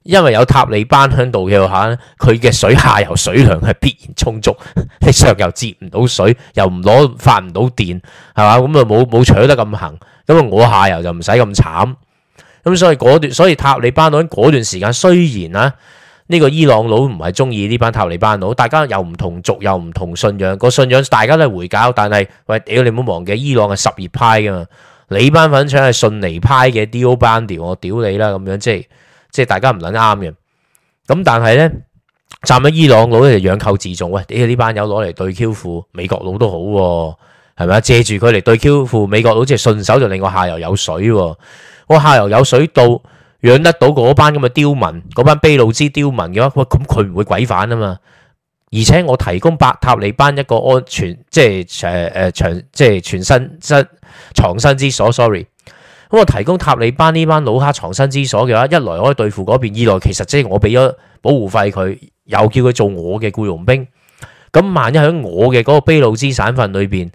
因為有塔利班喺度嘅話，佢嘅水下游水量係必然充足，你 上游接唔到水，又唔攞發唔到電，係嘛？咁啊冇冇取得咁行，咁啊我下游就唔使咁慘。咁所以嗰段，所以塔利班佬嗰段時間雖然啊，呢個伊朗佬唔係中意呢班塔利班佬，大家又唔同族，又唔同信仰，個信仰大家都係回教，但係喂屌你唔好忘記，伊朗係十二派噶嘛，你班粉腸係遜尼派嘅，Deobandi 我屌你啦咁樣，即係。即係大家唔捻啱嘅，咁但係咧，站喺伊朗佬就養寇自重，喂，呢呢班友攞嚟對 Q 付，美國佬都好，係咪啊？借住佢嚟對 Q 付，美國佬即係順手就令我下游有水，啊，我，哦、下游有水到養得到嗰班咁嘅刁民，嗰班卑露之刁民嘅話，喂，咁佢唔會鬼反啊嘛！而且我提供白塔利班一個安全，即係誒誒長，即係全身身藏身之所，sorry。咁我提供塔利班呢班老黑藏身之所嘅話，一來可以對付嗰邊，二來其實即係我俾咗保護費佢，又叫佢做我嘅雇傭兵。咁萬一喺我嘅嗰個俾路支省份裏邊，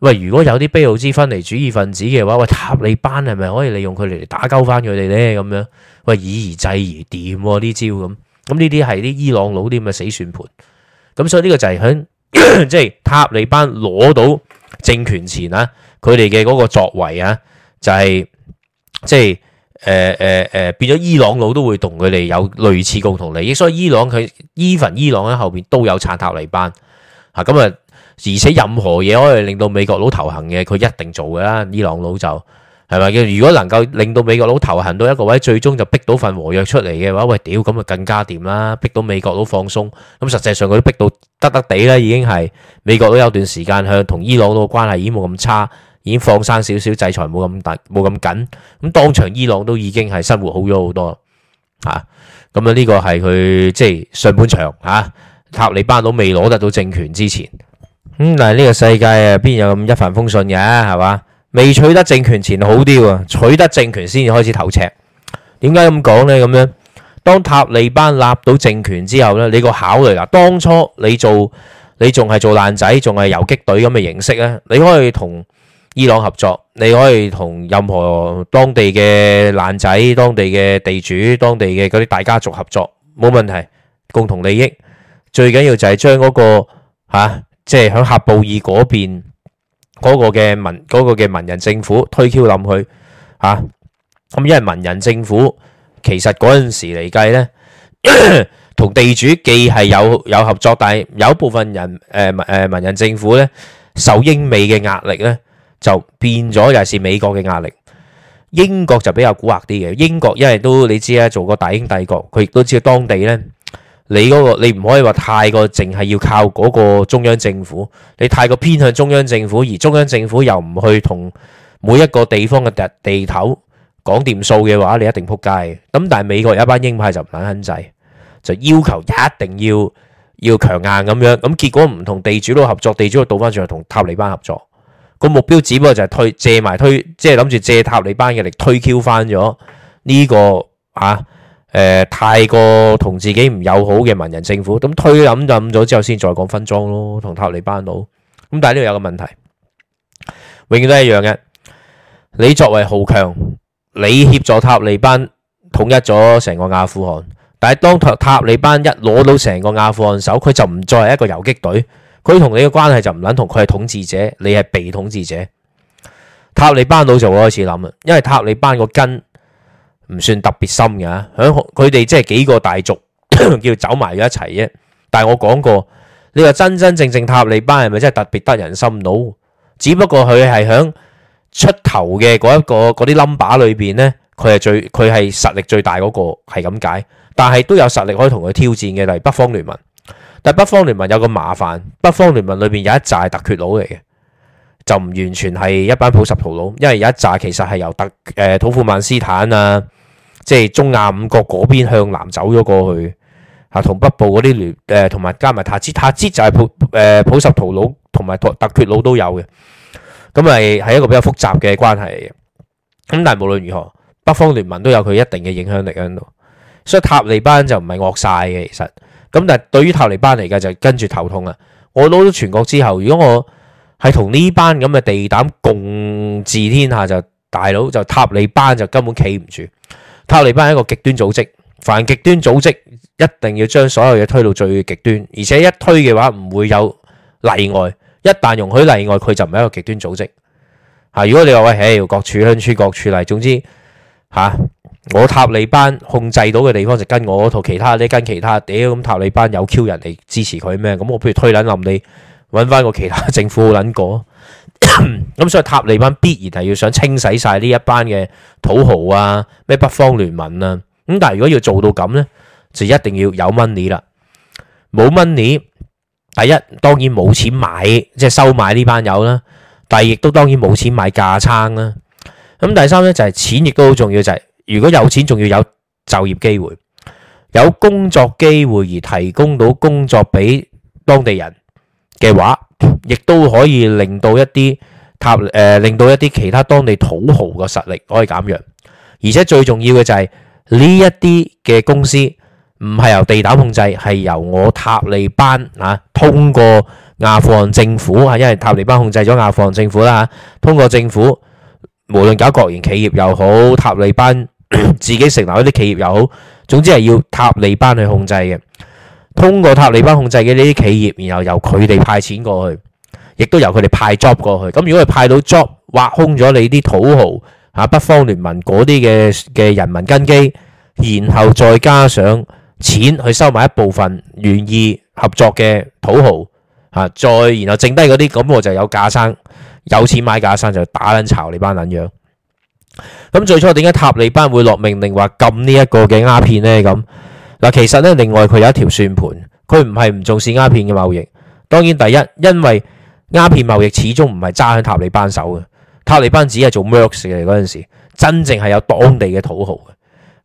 喂，如果有啲俾路支分離主義分子嘅話，喂，塔利班係咪可以利用佢嚟嚟打交翻佢哋呢？咁樣喂，以夷制夷、啊，掂？呢招咁，咁呢啲係啲伊朗佬啲咁嘅死算盤。咁所以呢個就係響即係塔利班攞到政權前啊，佢哋嘅嗰個作為啊，就係、是。即係誒誒誒，變咗伊朗佬都會同佢哋有類似共同利益，所以伊朗佢 even 伊朗喺後邊都有撐塔利班嚇，咁啊，而且任何嘢可以令到美國佬頭痕嘅，佢一定做嘅啦。伊朗佬就係咪？如果能夠令到美國佬頭痕到一個位，最終就逼到份和約出嚟嘅話，喂，屌咁啊，更加掂啦，啊！逼到美國佬放鬆，咁、啊、實際上佢都逼到得得地啦，已經係美國佬有段時間向同伊朗佬關係已經冇咁差。已經放生少少制裁，冇咁大，冇咁緊。咁當場伊朗都已經係生活好咗好多嚇。咁啊，呢個係佢即係上半場嚇塔利班都未攞得到政權之前咁、嗯。但係呢個世界啊，邊有咁一帆風順嘅係嘛？未取得政權前好啲喎，取得政權先至開始頭赤。點解咁講呢？咁樣當塔利班立到政權之後呢，你個考慮嗱，當初你做你仲係做爛仔，仲係遊擊隊咁嘅形式咧，你可以同伊朗合作，你可以同任何當地嘅爛仔、當地嘅地主、當地嘅嗰啲大家族合作，冇問題，共同利益最緊要就係將嗰個嚇，即係喺喀布爾嗰邊嗰個嘅民嗰個嘅文人政府推 Q 冧佢嚇。咁因為文人政府其實嗰陣時嚟計咧，同地主既係有有合作，但係有一部分人，誒，誒，文人政府咧受英美嘅壓力咧。就變咗又係美國嘅壓力，英國就比較蠱惑啲嘅。英國因為都你知啦，做過大英帝國，佢亦都知道當地呢，你嗰個你唔可以話太過淨係要靠嗰個中央政府，你太過偏向中央政府，而中央政府又唔去同每一個地方嘅地地頭講掂數嘅話，你一定撲街。咁但係美國有一班鷹派就唔肯制，就要求一定要要強硬咁樣，咁結果唔同地主都合作，地主都倒翻轉同塔利班合作。個目標只不過就係推借埋推，即係諗住借塔利班嘅力推 Q 翻咗呢個吓，誒太過同自己唔友好嘅文人政府，咁推冧冧咗之後，先再講分贓咯，同塔利班佬。咁但係呢度有個問題，永遠都係一樣嘅。你作為豪強，你協助塔利班統一咗成個阿富汗，但係當塔塔利班一攞到成個阿富汗手，佢就唔再係一個游擊隊。佢同你嘅關係就唔撚同，佢係統治者，你係被統治者。塔利班佬就候我開始諗啦，因為塔利班個根唔算特別深嘅㗎，佢哋即係幾個大族 叫走埋咗一齊啫。但係我講過，你話真真正正塔利班係咪真係特別得人心到？No, 只不過佢係響出頭嘅嗰一個嗰啲冧把裏邊咧，佢係最佢係實力最大嗰、嗰個，係咁解。但係都有實力可以同佢挑戰嘅，例如北方聯盟。但北方聯盟有個麻煩，北方聯盟裏邊有一紮特厥佬嚟嘅，就唔完全係一班普什圖佬，因為有一紮其實係由特誒、呃、土庫曼斯坦啊，即係中亞五國嗰邊向南走咗過去，吓、啊、同北部嗰啲聯誒、同、呃、埋加埋塔吉塔吉就係普誒、呃、普什圖佬同埋特特厥佬都有嘅，咁咪係一個比較複雜嘅關係。咁但係無論如何，北方聯盟都有佢一定嘅影響力喺度，所以塔利班就唔係惡晒嘅，其實。咁但係對於塔利班嚟嘅就跟住頭痛啦。我攞咗全國之後，如果我係同呢班咁嘅地膽共治天下就，就大佬就塔利班就根本企唔住。塔利班係一個極端組織，凡極端組織一定要將所有嘢推到最極端，而且一推嘅話唔會有例外。一旦容許例外，佢就唔係一個極端組織嚇。如果你話喂，唉，各處鄉村各處例總之嚇。啊。我塔利班控制到嘅地方就跟我同其他呢，跟其他屌咁、欸、塔利班有 Q 人嚟支持佢咩？咁我不如推捻冧你，搵翻個其他政府好捻過。咁、 嗯、所以塔利班必然係要想清洗晒呢一班嘅土豪啊，咩北方聯盟啊。咁、嗯、但係如果要做到咁呢，就一定要有 money 啦。冇 money，第一當然冇錢買，即、就、係、是、收買呢班友啦、啊。但係亦都當然冇錢買架撐啦。咁、嗯、第三呢，就係、是、錢亦都好重要，就係、是。如果有錢，仲要有就業機會、有工作機會，而提供到工作俾當地人嘅話，亦都可以令到一啲塔誒、呃，令到一啲其他當地土豪嘅實力可以減弱。而且最重要嘅就係呢一啲嘅公司唔係由地膽控制，係由我塔利班啊通過阿富汗政府啊，因為塔利班控制咗阿富汗政府啦、啊，通過政府，無論搞國營企業又好，塔利班 自己成立一啲企業又好，總之係要塔利班去控制嘅。通過塔利班控制嘅呢啲企業，然後由佢哋派錢過去，亦都由佢哋派 job 過去。咁如果係派到 job，挖空咗你啲土豪吓，北方聯盟嗰啲嘅嘅人民根基，然後再加上錢去收埋一部分願意合作嘅土豪。啊！再然後剩低嗰啲咁，我就有架生，有錢買架生就打捻炒你班捻樣。咁最初點解塔利班會落命令話禁呢一個嘅鴉片呢？咁嗱，其實呢，另外佢有一條算盤，佢唔係唔重視鴉片嘅貿易。當然，第一，因為鴉片貿易始終唔係揸響塔利班手嘅，塔利班只係做 merks 嘅嗰陣時，真正係有當地嘅土豪嘅。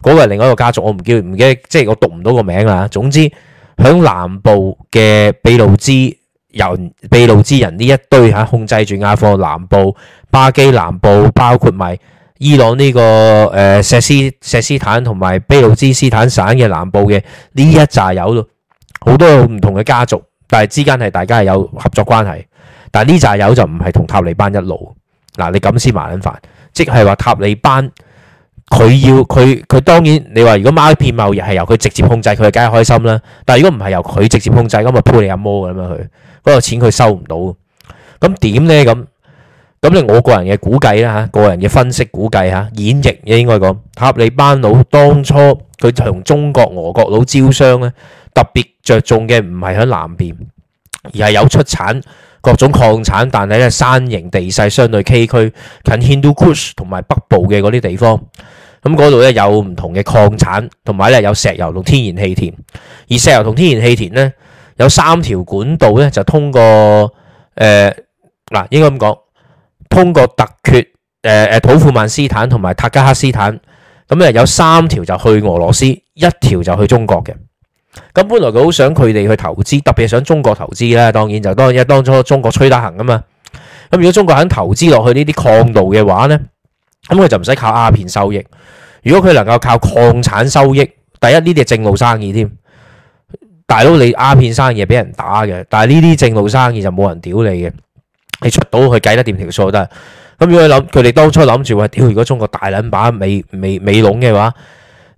嗰個係另外一個家族，我唔叫唔記得，即係我讀唔到個名啦。總之，響南部嘅秘魯之。由俾路支人呢一堆嚇、啊、控制住阿富汗南部、巴基南部，包括埋伊朗呢、呢個誒錫、呃、斯錫斯坦同埋俾路支斯坦省嘅南部嘅呢一紮友。好多唔同嘅家族，但係之間係大家係有合作關係。但係呢紮友就唔係同塔利班一路嗱、啊。你咁先麻撚煩，即係話塔利班佢要佢佢當然你話如果買一片貿易係由佢直接控制，佢梗係開心啦。但係如果唔係由佢直接控制，咁咪鋪你阿摩噶啦嘛。嗰個錢佢收唔到嘅，咁點咧？咁咁，你我個人嘅估計啦嚇，個人嘅分析估計嚇，演繹應該講，塔利班佬當初佢同中國俄國佬招商咧，特別着重嘅唔係喺南邊，而係有出產各種礦產，但係咧山形地勢相對崎嶇，近 Hindukush 同埋北部嘅嗰啲地方，咁嗰度咧有唔同嘅礦產，同埋咧有石油同天然氣田，而石油同天然氣田咧，有三條管道咧，就通過誒嗱、呃，應該咁講，通過特厥、誒、呃、誒土庫曼斯坦同埋塔吉克斯坦，咁咧有三條就去俄羅斯，一條就去中國嘅。咁本來佢好想佢哋去投資，特別係想中國投資啦。當然就當一當初中國吹得行啊嘛。咁如果中國肯投資落去呢啲礦道嘅話咧，咁佢就唔使靠鴉片收益。如果佢能夠靠礦產收益，第一呢啲係正路生意添。大佬，你鴉片生意俾人打嘅，但係呢啲正路生意就冇人屌你嘅。你出到去計得掂條數得。咁如果你諗佢哋當初諗住話，屌如果中國大撚把美美美籠嘅話，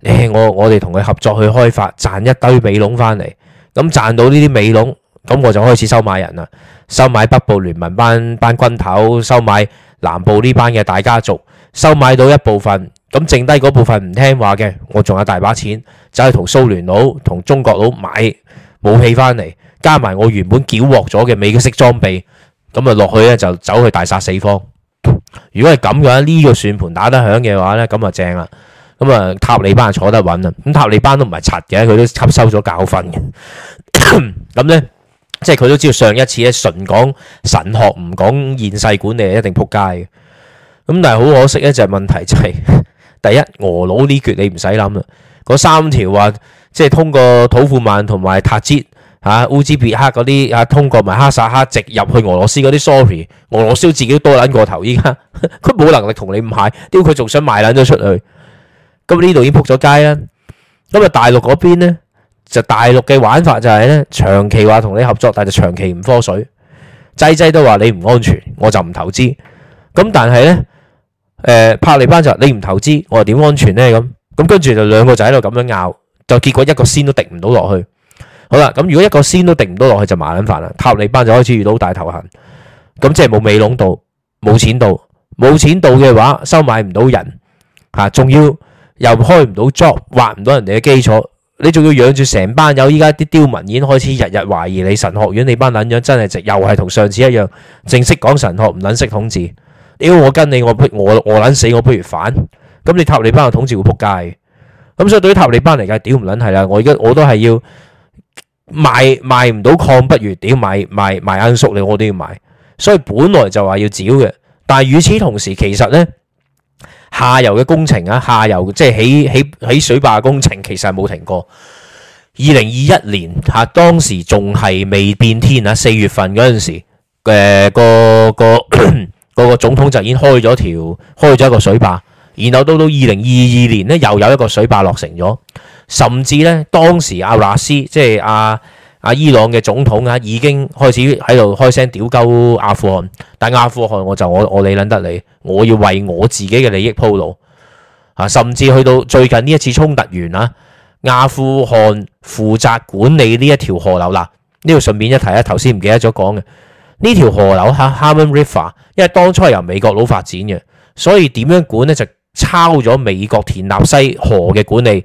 誒我我哋同佢合作去開發，賺一堆美籠翻嚟。咁賺到呢啲美籠，咁我就開始收買人啦，收買北部聯盟班班軍頭，收買南部呢班嘅大家族，收買到一部分。咁剩低嗰部分唔聽話嘅，我仲有大把錢走去同蘇聯佬同中國佬買武器翻嚟，加埋我原本繳獲咗嘅美式裝備，咁啊落去咧就走去大殺四方。如果係咁嘅話，呢個算盤打得響嘅話呢，咁啊正啦，咁啊塔利班就坐得穩啦。咁塔利班都唔係柒嘅，佢都吸收咗教訓嘅。咁 呢，即係佢都知道上一次咧純講神學唔講現世管理一定撲街嘅。咁但係好可惜呢，就係問題就係、是。第一，俄佬呢橛你唔使諗啦，嗰三條話即係通過土庫曼同埋塔捷，哈、啊、烏茲別克嗰啲啊，通過埋哈薩克直入去俄羅斯嗰啲。sorry，俄羅斯自己都多撚過頭，依家佢冇能力同你唔賣，屌佢仲想賣撚咗出去，咁呢度已經撲咗街啦。咁啊大陸嗰邊咧就大陸嘅玩法就係呢：長期話同你合作，但係就長期唔科水，擠擠都話你唔安全，我就唔投資。咁但係呢。誒、呃，塔利班就話你唔投資，我又點安全呢？咁咁跟住就兩個仔喺度咁樣拗，就結果一個仙都滴唔到落去。好啦，咁如果一個仙都滴唔到落去就麻捻煩啦。塔利班就開始遇到好大頭痕，咁即係冇尾窿到，冇錢到，冇錢到嘅話收買唔到人，吓、啊、仲要又開唔到 job，挖唔到人哋嘅基礎，你仲要養住成班友，依家啲刁民，已經開始日日懷疑你神學院你班捻樣真係直又係同上次一樣，淨識講神學唔捻識統治。屌！我跟你我不我我捻死，我不如反咁。你塔利班嘅統治會扑街嘅，咁，所以對於塔利班嚟講，屌唔捻係啦。我而家我都係要賣賣唔到礦，不如屌賣賣賣罌粟你，我都要賣。所以本來就話要剿嘅，但係與此同時，其實咧下游嘅工程啊，下游即係、就是、起起起水壩工程，其實係冇停過。二零二一年吓、啊，當時仲係未變天啊，四月份嗰陣時，誒、呃、個、那個。那個 個總統就已經開咗條，開咗一個水壩，然後到到二零二二年呢，又有一個水壩落成咗，甚至呢，當時阿納斯即係阿阿伊朗嘅總統啊，已經開始喺度開聲屌鳩阿富汗，但阿富汗我就我我理捻得你，我要為我自己嘅利益鋪路啊，甚至去到最近呢一次衝突完啊，阿富汗負責管理呢一條河流啦，呢度順便一提啊，頭先唔記得咗講嘅。呢條河流嚇，Helmand River，因為當初係由美國佬發展嘅，所以點樣管呢？就抄咗美國田納西河嘅管理。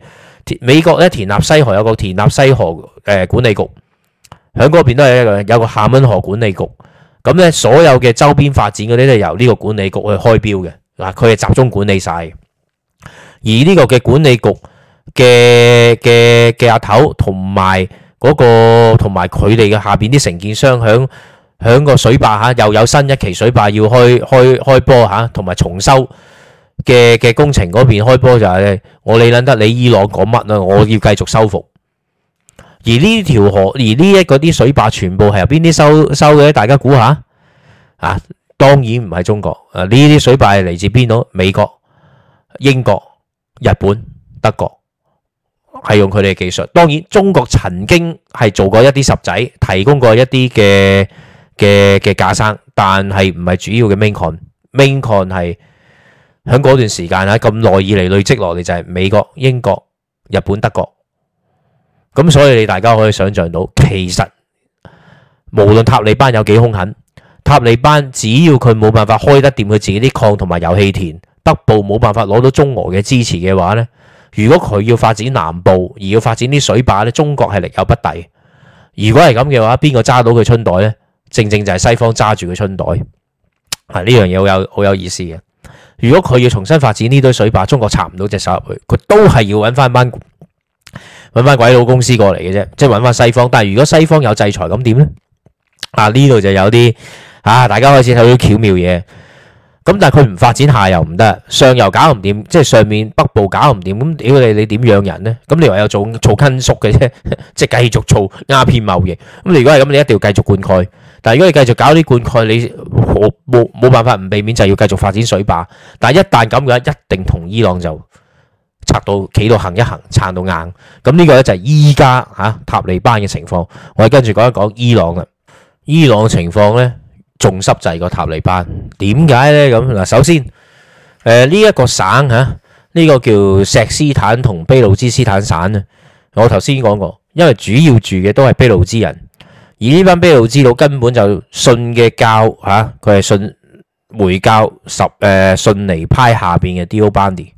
美國咧田納西河有個田納西河誒、呃、管理局，喺嗰邊都係一個有個 Helmand 河管理局。咁呢，所有嘅周邊發展嗰啲都係由呢個管理局去開標嘅嗱，佢、呃、係集中管理晒。而呢個嘅管理局嘅嘅嘅阿頭同埋嗰個同埋佢哋嘅下邊啲承建商喺。響個水壩吓，又有新一期水壩要開開開波吓，同埋重修嘅嘅工程嗰邊開波就係、是、我理諗得你伊朗講乜啦？我要繼續修復而呢條河，而呢一啲水壩全部係由邊啲收收嘅？大家估下啊？當然唔係中國啊！呢啲水壩係嚟自邊度？美國、英國、日本、德國係用佢哋嘅技術。當然中國曾經係做過一啲十仔，提供過一啲嘅。嘅嘅架生，但係唔係主要嘅 main con，main con 係喺嗰段時間啊，咁耐以嚟，累積落嚟就係美國、英國、日本、德國，咁所以你大家可以想象到，其實無論塔利班有幾凶狠，塔利班只要佢冇辦法開得掂佢自己啲礦同埋油氣田，北部冇辦法攞到中俄嘅支持嘅話呢，如果佢要發展南部而要發展啲水壩呢，中國係力有不逮，如果係咁嘅話，邊個揸到佢春袋呢？正正就係西方揸住個春袋啊！呢樣嘢好有好有意思嘅。如果佢要重新發展呢堆水壩，中國插唔到隻手入去，佢都係要揾翻班揾翻鬼佬公司過嚟嘅啫。即係揾翻西方。但係如果西方有制裁，咁點呢？啊！呢度就有啲啊，大家開始睇到巧妙嘢。咁但係佢唔發展下游唔得，上游搞唔掂，即係上面北部搞唔掂。咁屌你，你點養人呢？咁你唯有做做緊縮嘅啫，即係繼續做鴉片貿易。咁如果係咁，你一定要繼續灌溉。但如果你繼續搞啲灌溉，你冇冇冇辦法唔避免就係要繼續發展水壩。但係一旦咁嘅話，一定同伊朗就拆到企到行一行，撐到硬。咁呢個咧就係依家嚇塔利班嘅情況。我哋跟住講一講伊朗嘅伊朗嘅情況咧，仲濕滯過塔利班，點解咧？咁嗱，首先誒呢一個省嚇，呢、啊呢個叫錫斯坦同俾路支斯坦省啊。我頭先講過，因為主要住嘅都係俾路支人。而呢班卑路支佬根本就信嘅教嚇，佢、啊、係信回教十誒、呃、信尼派下邊嘅 Deobandi，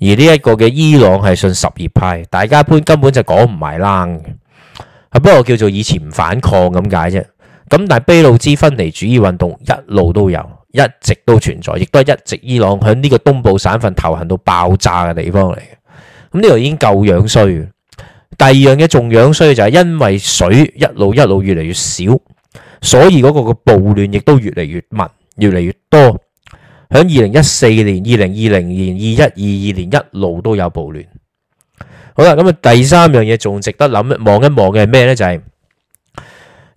而呢一個嘅伊朗係信什葉派，大家般根本就講唔埋冷嘅。不過叫做以前唔反抗咁解啫。咁但係卑路支分離主義運動一路都有，一直都存在，亦都係一直伊朗響呢個東部省份投行到爆炸嘅地方嚟嘅。咁呢度已經夠樣衰。第二樣嘅重要衰就係因為水一路一路越嚟越少，所以嗰個個暴亂亦都越嚟越密、越嚟越多。喺二零一四年、二零二零年、二一二二年一路都有暴亂。好啦，咁啊第三樣嘢仲值得諗、望一望嘅係咩呢？就係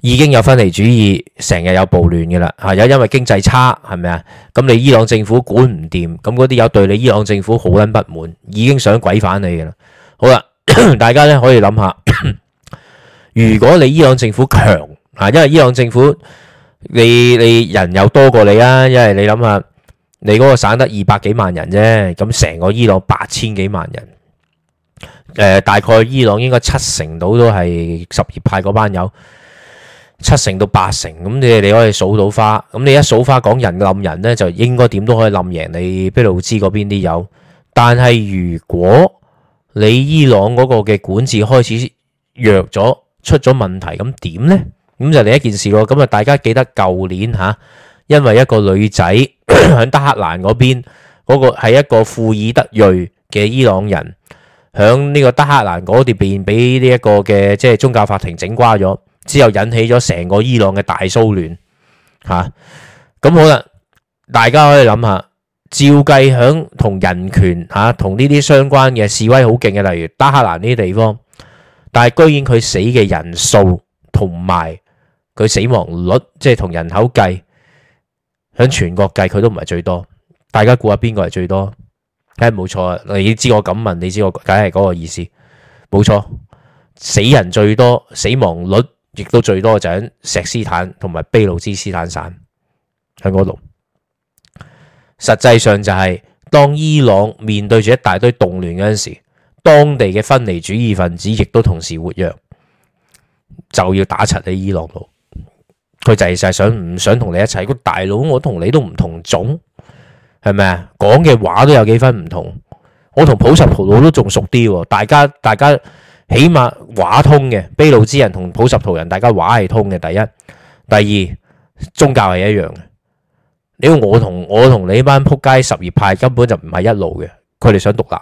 已經有分離主義成日有暴亂噶啦，吓有因為經濟差係咪啊？咁你伊朗政府管唔掂，咁嗰啲有對你伊朗政府好捻不滿，已經想鬼反你噶啦。好啦。 大家咧可以諗下，如果你伊朗政府強啊，因為伊朗政府你你人又多過你啦，因為你諗下，你嗰個省得二百幾萬人啫，咁成個伊朗八千幾萬人，誒、呃，大概伊朗應該七成到都係什葉派嗰班友，七成到八成，咁你你可以數到花，咁你一數花講人冧人呢，就應該點都可以冧贏你俾路支嗰邊啲友，但係如果。你伊朗嗰個嘅管治開始弱咗，出咗問題咁點呢？咁就另一件事咯。咁啊，大家記得舊年嚇，因為一個女仔喺 德黑蘭嗰邊，嗰、嗰個係一個庫爾德裔嘅伊朗人，喺呢個德黑蘭嗰邊俾呢一個嘅即係宗教法庭整瓜咗，之後引起咗成個伊朗嘅大騷亂嚇。咁、啊、好啦，大家可以諗下。照計響同人權嚇同呢啲相關嘅示威好勁嘅，例如德黑蘭呢啲地方，但係居然佢死嘅人數同埋佢死亡率，即係同人口計響全國計，佢都唔係最多。大家估下邊個係最多？梗係冇錯啊！你知我噉問，你知我梗係嗰個意思，冇錯。死人最多，死亡率亦都最多就喺錫斯坦同埋俾路支斯坦省喺嗰度。實際上就係、是、當伊朗面對住一大堆動亂嗰陣時，當地嘅分離主義分子亦都同時活躍，就要打柒你伊朗度。佢就係想唔想同你一齊？個大佬我同你都唔同種，係咪啊？講嘅話都有幾分唔同。我同普什圖佬都仲熟啲喎。大家大家起碼話通嘅，俾路支人同普什圖人，大家話係通嘅。第一，第二，宗教係一樣嘅。我我你我同我同你呢班扑街十二派根本就唔係一路嘅，佢哋想獨立，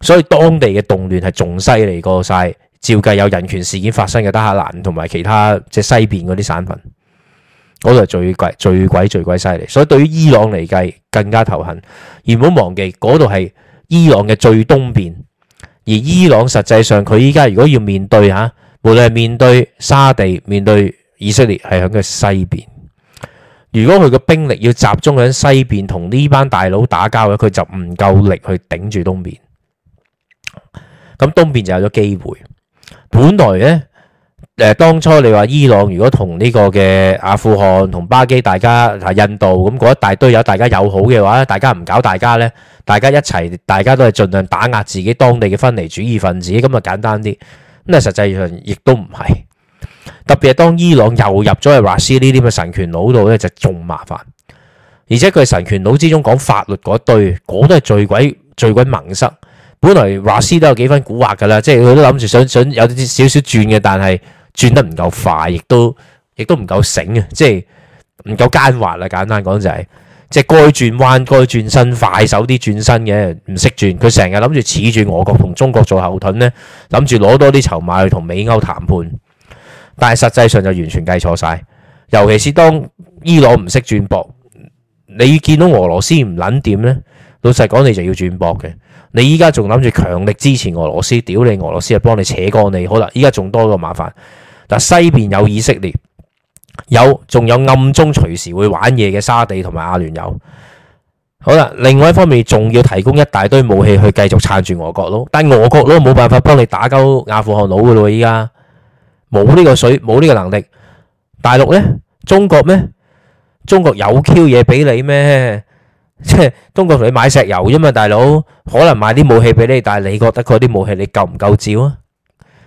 所以當地嘅動亂係仲犀利過晒。照計有人權事件發生嘅德黑蘭同埋其他即係西邊嗰啲省份，嗰度係最鬼最鬼最鬼犀利。所以對於伊朗嚟計更加頭痕，而唔好忘記嗰度係伊朗嘅最東邊，而伊朗實際上佢依家如果要面對吓，無論係面對沙地、面對以色列，係響佢西邊。如果佢嘅兵力要集中喺西邊同呢班大佬打交嘅，佢就唔夠力去頂住東邊。咁東邊就有咗機會。本來呢，誒當初你話伊朗如果同呢個嘅阿富汗同巴基大家嗱印度咁嗰一大堆有大家友好嘅話，大家唔搞大家呢，大家一齊大家都係盡量打壓自己當地嘅分離主義分子，咁啊簡單啲。但係實際上亦都唔係。特別係當伊朗又入咗去華斯呢啲咁嘅神權佬度咧，就仲麻煩，而且佢係神權佬之中講法律嗰堆，嗰都係最鬼最鬼盲塞。本來華斯都有幾分古惑噶啦，即係佢都諗住想想，想有啲少少轉嘅，但係轉得唔夠快，亦都亦都唔夠醒嘅，即係唔夠奸滑啦。簡單講就係、是、即係該轉彎該轉身快手啲轉身嘅，唔識轉。佢成日諗住恃住俄國同中國做後盾咧，諗住攞多啲籌碼去同美歐談判。但係實際上就完全計錯晒，尤其是當伊朗唔識轉博，你見到俄羅斯唔撚掂呢，老實講，你就要轉博嘅。你依家仲諗住強力支持俄羅斯，屌你俄羅斯啊，幫你扯過你，好啦，依家仲多個麻煩。但西邊有以色列，有仲有暗中隨時會玩嘢嘅沙地同埋阿聯酋。好啦，另外一方面仲要提供一大堆武器去繼續撐住俄國咯。但俄國咯冇辦法幫你打鳩阿富汗佬㗎咯，依家。冇呢個水，冇呢個能力。大陸呢，中國咩？中國有 Q 嘢俾你咩？即係中國同你買石油啫嘛，大佬可能買啲武器俾你，但係你覺得佢啲武器你夠唔夠照啊？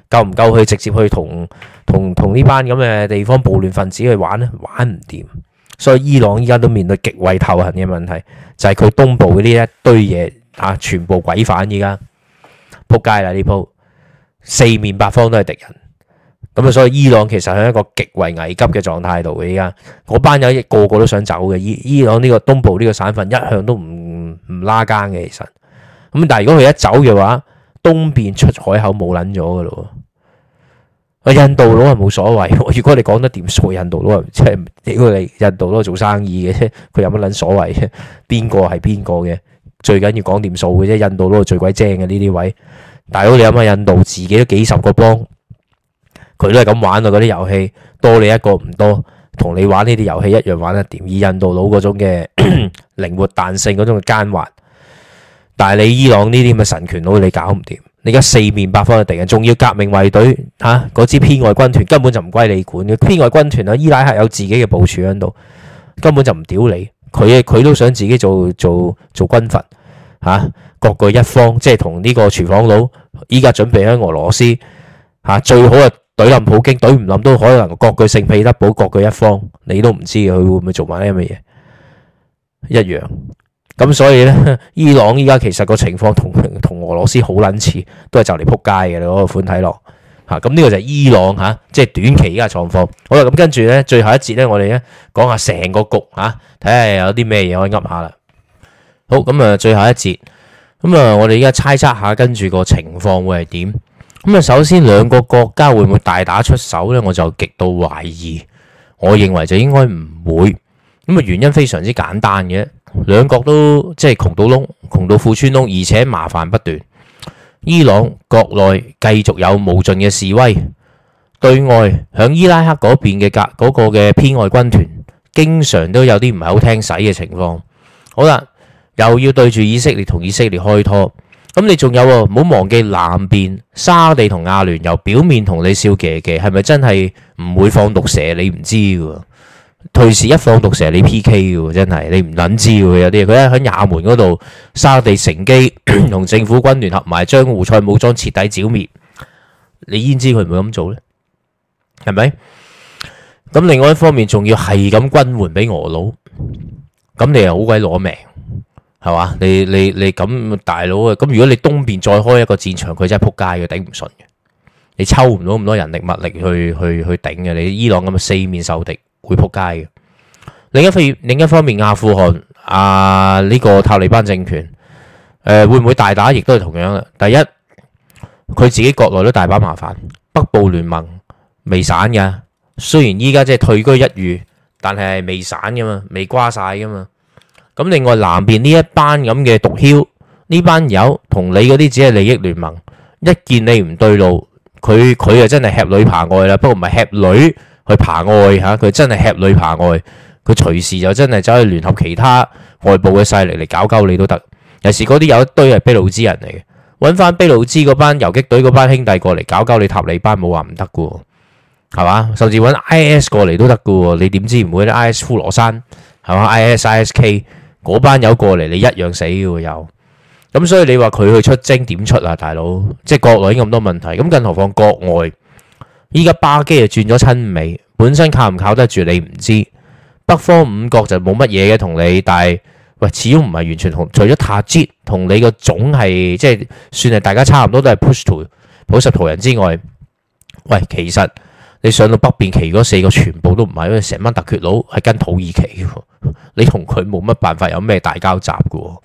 夠唔夠去直接去同同同呢班咁嘅地方暴亂分子去玩呢？玩唔掂，所以伊朗依家都面對極為頭痕嘅問題，就係佢東部呢啲一堆嘢啊，全部鬼反依家撲街啦！呢鋪四面八方都係敵人。咁啊，所以伊朗其實係一個極為危急嘅狀態度嘅。依家嗰班友個個都想走嘅，伊伊朗呢個東部呢個省份一向都唔唔拉更嘅。其實咁，但係如果佢一走嘅話，東邊出海口冇撚咗㗎咯。個印度佬係冇所謂，如果你講得掂數，印度佬即係屌你印度佬做生意嘅啫，佢有乜撚所謂啫？邊個係邊個嘅？最緊要講掂數嘅啫，印度佬係最鬼精嘅呢啲位大佬，你諗下印度自己都幾十個邦。佢都係咁玩到嗰啲遊戲，多你一個唔多，同你玩呢啲遊戲一樣玩得掂。而印度佬嗰種嘅靈 活彈性嗰種嘅奸猾，但係你伊朗呢啲咁嘅神權佬你搞唔掂。你而家四面八方嘅敵人，仲要革命衛隊吓嗰、啊、支偏外軍團根本就唔歸你管嘅。偏外軍團啊，伊拉克有自己嘅部署喺度，根本就唔屌你。佢佢都想自己做做做軍閥吓、啊，各據一方。即係同呢個廚房佬依家準備喺俄羅斯吓、啊、最好嘅。懟冧普京，懟唔冧都可能各具性，彼得堡各具一方，你都唔知佢會唔會做埋啲乜嘢，一樣。咁所以呢，伊朗依家其實個情況同同俄羅斯好撚似，都係就嚟撲街嘅嗰個款睇落吓。咁呢個就係伊朗吓，即係短期而家狀況。好啦，咁跟住呢，最後一節呢，我哋呢講下成個局吓，睇下有啲咩嘢可以噏下啦。好，咁啊，最後一節，咁啊，我哋依家猜測下跟住個情況會係點。咁啊，首先兩個國家會唔會大打出手咧？我就極度懷疑，我認為就應該唔會，咁啊，原因非常之簡單嘅，兩國都即係窮到窿，窮到褲穿窿，而且麻煩不斷，伊朗國內繼續有無盡嘅示威，對外響伊拉克嗰邊嘅隔嗰個嘅偏愛軍團經常都有啲唔係好聽使嘅情況，好啦，又要對住以色列同以色列開拖。咁你仲有啊，唔好忘記南邊沙地同阿聯酋表面同你笑騎騎，係咪真係唔會放毒蛇？你唔知噶，退時一放毒蛇你 PK 噶，真係你唔捻知噶，有啲佢咧喺也門嗰度沙地乘機同政府軍聯合埋將胡塞武裝徹底剿滅，你焉知佢唔會咁做呢？係咪？咁另外一方面，仲要係咁軍援俾俄佬，咁你又好鬼攞命。係嘛？你你你咁大佬啊？咁如果你東邊再開一個戰場，佢真係撲街嘅，頂唔順嘅。你抽唔到咁多人力物力去去去頂嘅。你伊朗咁四面受敵，會撲街嘅。另一方面，另一方面，阿富汗啊呢個塔利班政權，誒，呃，會唔會大打？亦都係同樣嘅。第一，佢自己國內都大把麻煩。北部聯盟未散噶，雖然依家即係退居一隅，但係未散噶嘛，未瓜晒噶嘛。咁另外南邊呢一班咁嘅毒梟，呢班友同你嗰啲只係利益聯盟。一見你唔對路，佢佢啊真係吃裡扒外啦。不過唔係吃裡去扒外嚇，佢真係吃裡扒外。佢隨時就真係走去聯合其他外部嘅勢力嚟搞鳩你都得。尤其嗰啲有一堆係俾路支人嚟嘅，揾翻俾路支嗰班游擊隊嗰班兄弟過嚟搞鳩你塔利班冇話唔得嘅喎，係嘛？甚至揾 I S 過嚟都得嘅喎，你點知唔會咧？I S 呼羅珊係嘛？I S I S K。嗰班友過嚟，你一樣死嘅喎，又咁，所以你話佢去出征點出啊？大佬，即係國內已經咁多問題，咁更何況國外，依家巴基又轉咗親美，本身靠唔靠得住你唔知。北方五國就冇乜嘢嘅同你，但係喂，始終唔係完全同，除咗塔吉同你個種係即係算係大家差唔多都係 Pashto 普什圖人之外，喂其實。你上到北邊期嗰四個全部都唔係，因為成班突厥佬係跟土耳其嘅。 你同佢冇乜辦法，有咩大交集嘅？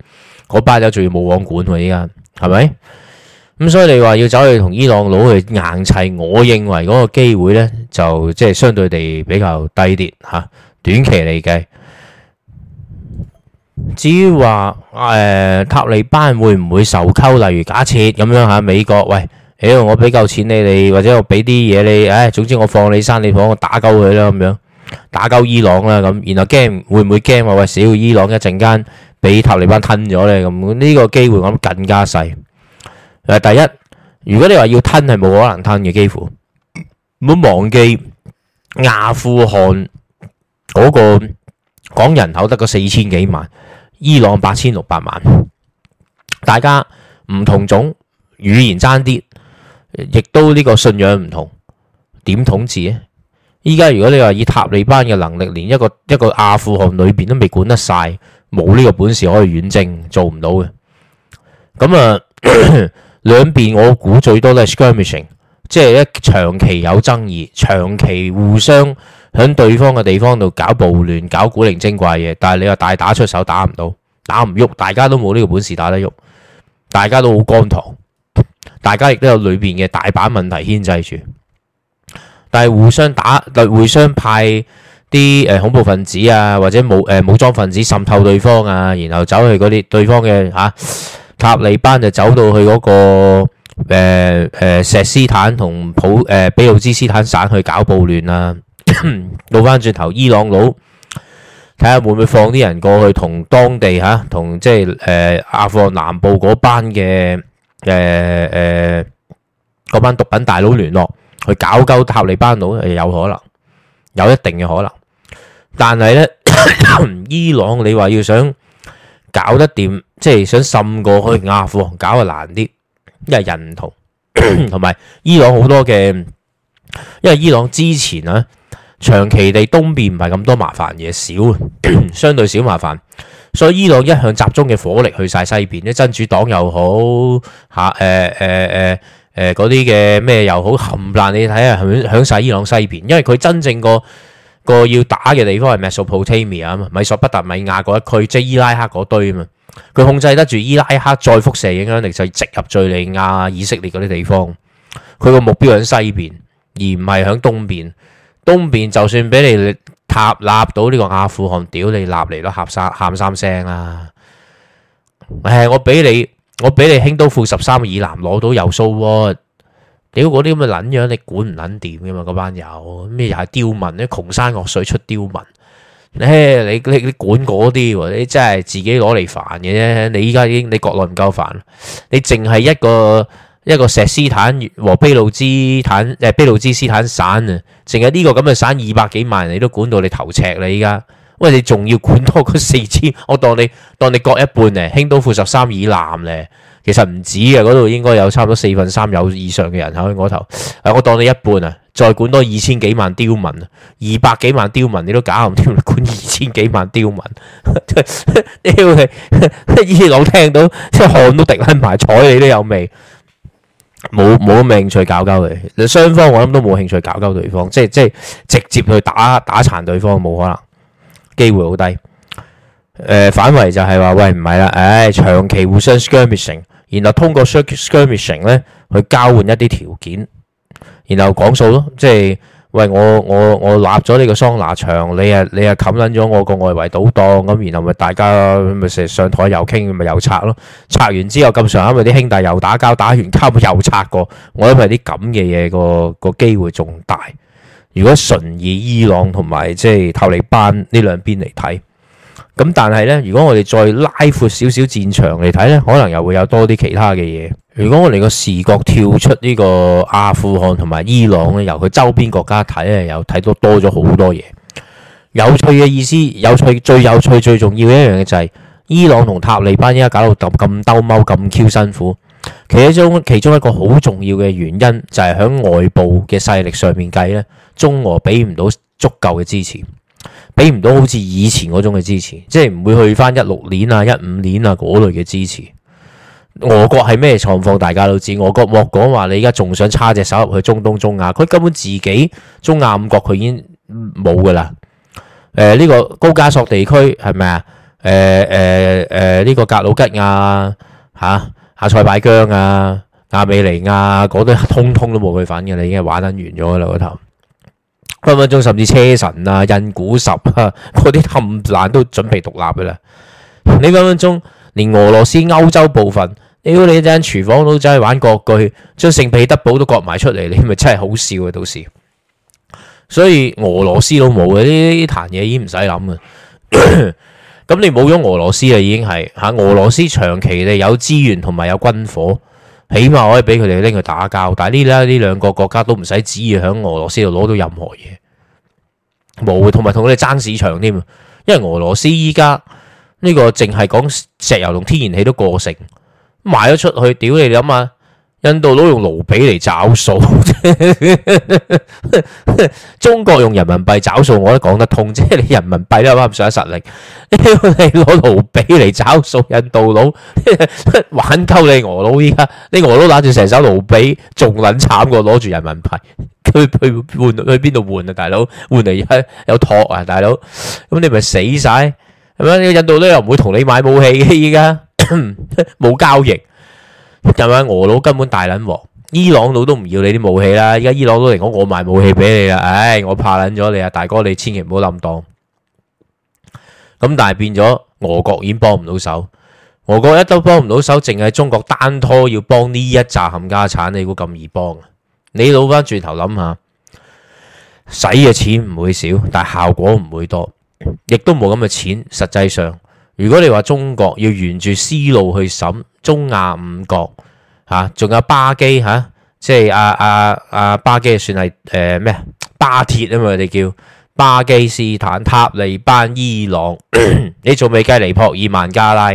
嗰班有仲要冇王管喎，依家係咪？咁所以你話要走去同伊朗佬去硬砌，我認為嗰個機會呢就即係相對地比較低啲吓，短期嚟計。至於話誒，塔利班會唔會受溝？例如假設咁樣吓，美國喂。屌、哎，我俾夠錢你哋，或者我俾啲嘢你，唉、哎，總之我放你山你房，我打鳩佢啦咁樣，打鳩伊朗啦咁，然後驚會唔會驚我話死伊朗一陣間俾塔利班吞咗咧咁？呢、這個機會咁更加細。誒，第一，如果你話要吞係冇可能吞嘅，幾乎唔好忘記阿富汗嗰、那個講人口得個四千幾萬，伊朗八千六百萬，大家唔同種語言爭啲。亦都呢個信仰唔同，點統治咧？依家如果你話以塔利班嘅能力，連一個一個阿富汗裏邊都未管得晒，冇呢個本事可以遠征，做唔到嘅。咁啊，兩邊 我估最多都係 skirmishing，即係一長期有爭議，長期互相喺對方嘅地方度搞暴亂、搞古靈精怪嘢，但係你話大打出手打唔到，打唔喐，大家都冇呢個本事打得喐，大家都好乾堂。大家亦都有裏邊嘅大把問題牽制住，但係互相打、互相派啲誒、呃、恐怖分子啊，或者武誒、呃、武裝分子滲透對方啊，然後走去嗰啲對方嘅嚇、啊、塔利班就走到去嗰、那個誒誒、呃呃、錫斯坦同普誒俾路支斯坦省去搞暴亂啦、啊。倒翻轉頭，伊朗佬睇下會唔會放啲人過去同當地嚇同、啊、即係誒、呃、阿富汗南部嗰班嘅。誒誒，嗰班、呃呃、毒品大佬聯絡去搞鳩塔利班佬，有可能，有一定嘅可能。但係咧， 伊朗你話要想搞得掂，即係想滲過去阿富汗，搞就難啲，因為人唔同，同埋 伊朗好多嘅，因為伊朗之前咧、啊、長期地東邊唔係咁多麻煩嘢少，相對少麻煩。所以伊朗一向集中嘅火力去晒西邊，啲真主黨好、啊啊啊啊啊、又好，嚇誒誒誒誒嗰啲嘅咩又好冚爛你看看，你睇下響響曬伊朗西邊，因為佢真正個個要打嘅地方係米索普太米亞，米索不達米亞嗰一區，即係伊拉克嗰堆啊嘛，佢控制得住伊拉克再輻射影響力，就係直入敘利亞、以色列嗰啲地方。佢個目標喺西邊，而唔係響東邊。東邊就算俾你。合納到呢個阿富汗，屌你立嚟都喊三喊三聲啦、啊！誒，我俾你，我俾你興都庫什山以南攞到有數喎！屌嗰啲咁嘅撚樣，你管唔撚掂㗎嘛？嗰班友咩又係刁民咧？窮山惡水出刁民，你你你，你管嗰啲喎？你真係自己攞嚟煩嘅啫！你依家已經你國內唔夠煩，你淨係一個一個錫斯坦和俾路支坦誒俾路支斯坦省啊！呃淨係呢個咁嘅省二百幾萬人，你都管到你頭赤啦！依家喂，你仲要管多嗰四千，我當你當你割一半咧，興都庫什以南咧，其實唔止呀，嗰度應該有差唔多四分三有以上嘅人口喺嗰頭。我當你一半啊，再管多二千幾萬刁民，二百幾萬刁民，你都搞唔掂，管二千幾萬刁民，屌你！依老聽到，即汗都滴喺埋，睬你都有味。冇冇咩興趣搞交佢，你雙方我諗都冇興趣搞交對方，即係即係直接去打打殘對方冇可能，機會好低。誒、呃，反而就係話喂唔係啦，唉，長期互相 skirmishing 然後通過 skirmishing 咧去交換一啲條件，然後講數咯，即係。喂，我我我立咗呢個桑拿場，你啊你啊冚撚咗我個外圍賭檔，咁然後咪大家咪成日上台又傾，咪又拆咯。拆完之後咁上下咪啲兄弟又打交，打完交又拆過。我諗係啲咁嘅嘢個個機會仲大。如果純以伊朗同埋即係塔利班呢兩邊嚟睇，咁但係呢，如果我哋再拉闊少少戰場嚟睇呢，可能又會有多啲其他嘅嘢。如果我哋個視角跳出呢個阿富汗同埋伊朗咧，由佢周邊國家睇咧，又睇到多咗好多嘢，有趣嘅意思，有趣最有趣最重要嘅一樣嘢就係、是，伊朗同塔利班而家搞到咁咁兜踎咁 Q 辛苦，其中其中一個好重要嘅原因就係、是、喺外部嘅勢力上面計咧，中俄俾唔到足夠嘅支持，俾唔到好似以前嗰種嘅支持，即係唔會去翻一六年啊、一五年啊嗰類嘅支持。俄國係咩狀況？大家都知，俄國莫講話，你而家仲想叉隻手入去中東中亞？佢根本自己中亞五國佢已經冇噶啦。誒、呃、呢、這個高加索地區係咪啊？誒誒誒，呢個格魯吉亞吓、阿塞拜疆啊、亞、啊、美尼亞嗰啲通通都冇佢份噶，你已經玩得完咗啦嗰頭。分分鐘甚至車臣、啊、印古什、啊，啊嗰啲冚唥都準備獨立噶啦。你分分鐘連俄羅斯歐洲部分。屌你！張廚房佬仔玩割據，將聖彼得堡都割埋出嚟，你咪真係好笑啊！到時所以俄羅斯都冇呢啲彈嘢，已經唔使諗啦。咁 你冇咗俄羅斯啊，已經係吓俄羅斯長期地有資源同埋有軍火，起碼可以俾佢哋拎去打交。但係呢呢呢兩個國家都唔使旨意，響俄羅斯度攞到任何嘢冇，同埋同佢哋爭市場添。因為俄羅斯依家呢個淨係講石油同天然氣都過剩。賣咗出去，屌你諗啊，印度佬用盧比嚟找數， 中國用人民幣找數，我都講得通。即係你人民幣都冇唔上實力， 你攞盧比嚟找數，印度佬玩鳩你俄佬依家，你俄佬攞住成手盧比，仲撚慘過攞住人民幣。佢佢換去邊度換啊，大佬？換嚟有托啊，大佬？咁你咪死晒，係咪？你印度佬又唔會同你買武器嘅依家。冇 交易，因為俄佬根本大撚和。 伊朗佬都唔要你啲武器啦。而家伊朗佬嚟講，我賣武器俾你啦，唉，我怕撚咗你啊，大哥，你千祈唔好冧當。咁但係變咗，俄國已經幫唔到手，俄國一都幫唔到手，淨係中國單拖要幫呢一扎冚家產，你估咁易幫啊？你攞翻轉頭諗下，使嘅錢唔會少，但係效果唔會多，亦都冇咁嘅錢，實際上。如果你話中國要沿住絲路去審中亞五國吓，仲、啊、有巴基吓，即係阿阿阿巴基算係誒咩巴鐵啊嘛，你叫巴基斯坦、塔利班、伊朗，你仲未計尼泊爾、孟加拉，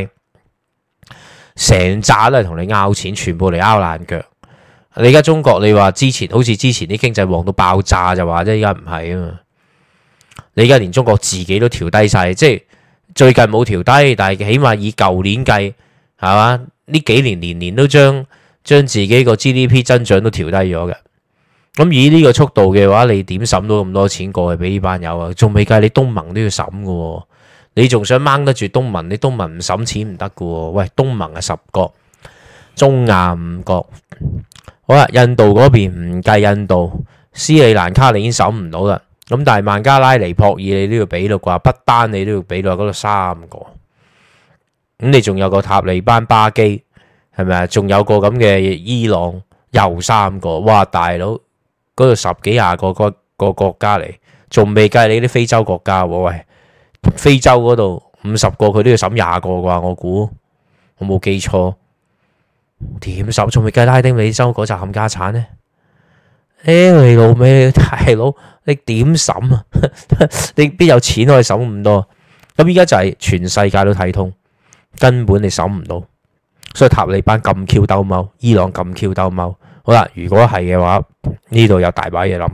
成扎都係同你拗錢，全部嚟拗爛腳。你而家中國，你話之前好似之前啲經濟旺到爆炸就話啫，而家唔係啊嘛。你而家連中國自己都調低晒，即係。最近冇調低，但係起碼以舊年計，係嘛？呢幾年年年都將將自己個 GDP 增長都調低咗嘅。咁以呢個速度嘅話，你點審到咁多錢過去俾呢班友啊？仲未計你東盟都要審嘅喎，你仲想掹得住東盟？你東盟唔審錢唔得嘅喎。喂，東盟呀，十國，中亞五國。好啦，印度嗰邊唔計印度，斯里蘭卡你已經審唔到啦。咁但係孟加拉、尼泊爾你都要俾到啩，不單你都要俾到，嗰度三個，咁你仲有個塔利班巴基，係咪啊？仲有個咁嘅伊朗又三個，哇大佬，嗰度十幾廿個個國家嚟，仲未計你啲非洲國家，喂，非洲嗰度五十個佢都要審廿個啩，我估我冇記錯，點十仲未計拉丁美洲嗰集冚家產呢？誒，你老味大佬。你點審啊？你邊有錢可以審咁多？咁而家就係全世界都睇通，根本你審唔到，所以塔利班咁 Q 兜踎，伊朗咁 Q 兜踎。好啦，如果係嘅話，呢度有大把嘢諗。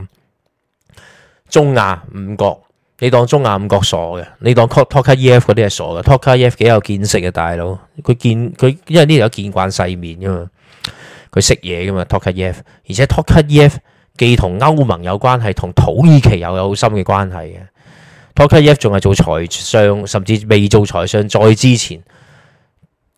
中亞五國，你當中亞五國傻嘅？你當托卡耶夫嗰啲係傻嘅？托卡耶夫幾有見識嘅大佬，佢見佢因為呢度有見慣世面㗎嘛，佢識嘢㗎嘛，托卡耶夫，而且托卡耶夫。既同歐盟有關係，同土耳其又有深嘅關係嘅，Tokayev 仲係做財相，甚至未做財相。再之前，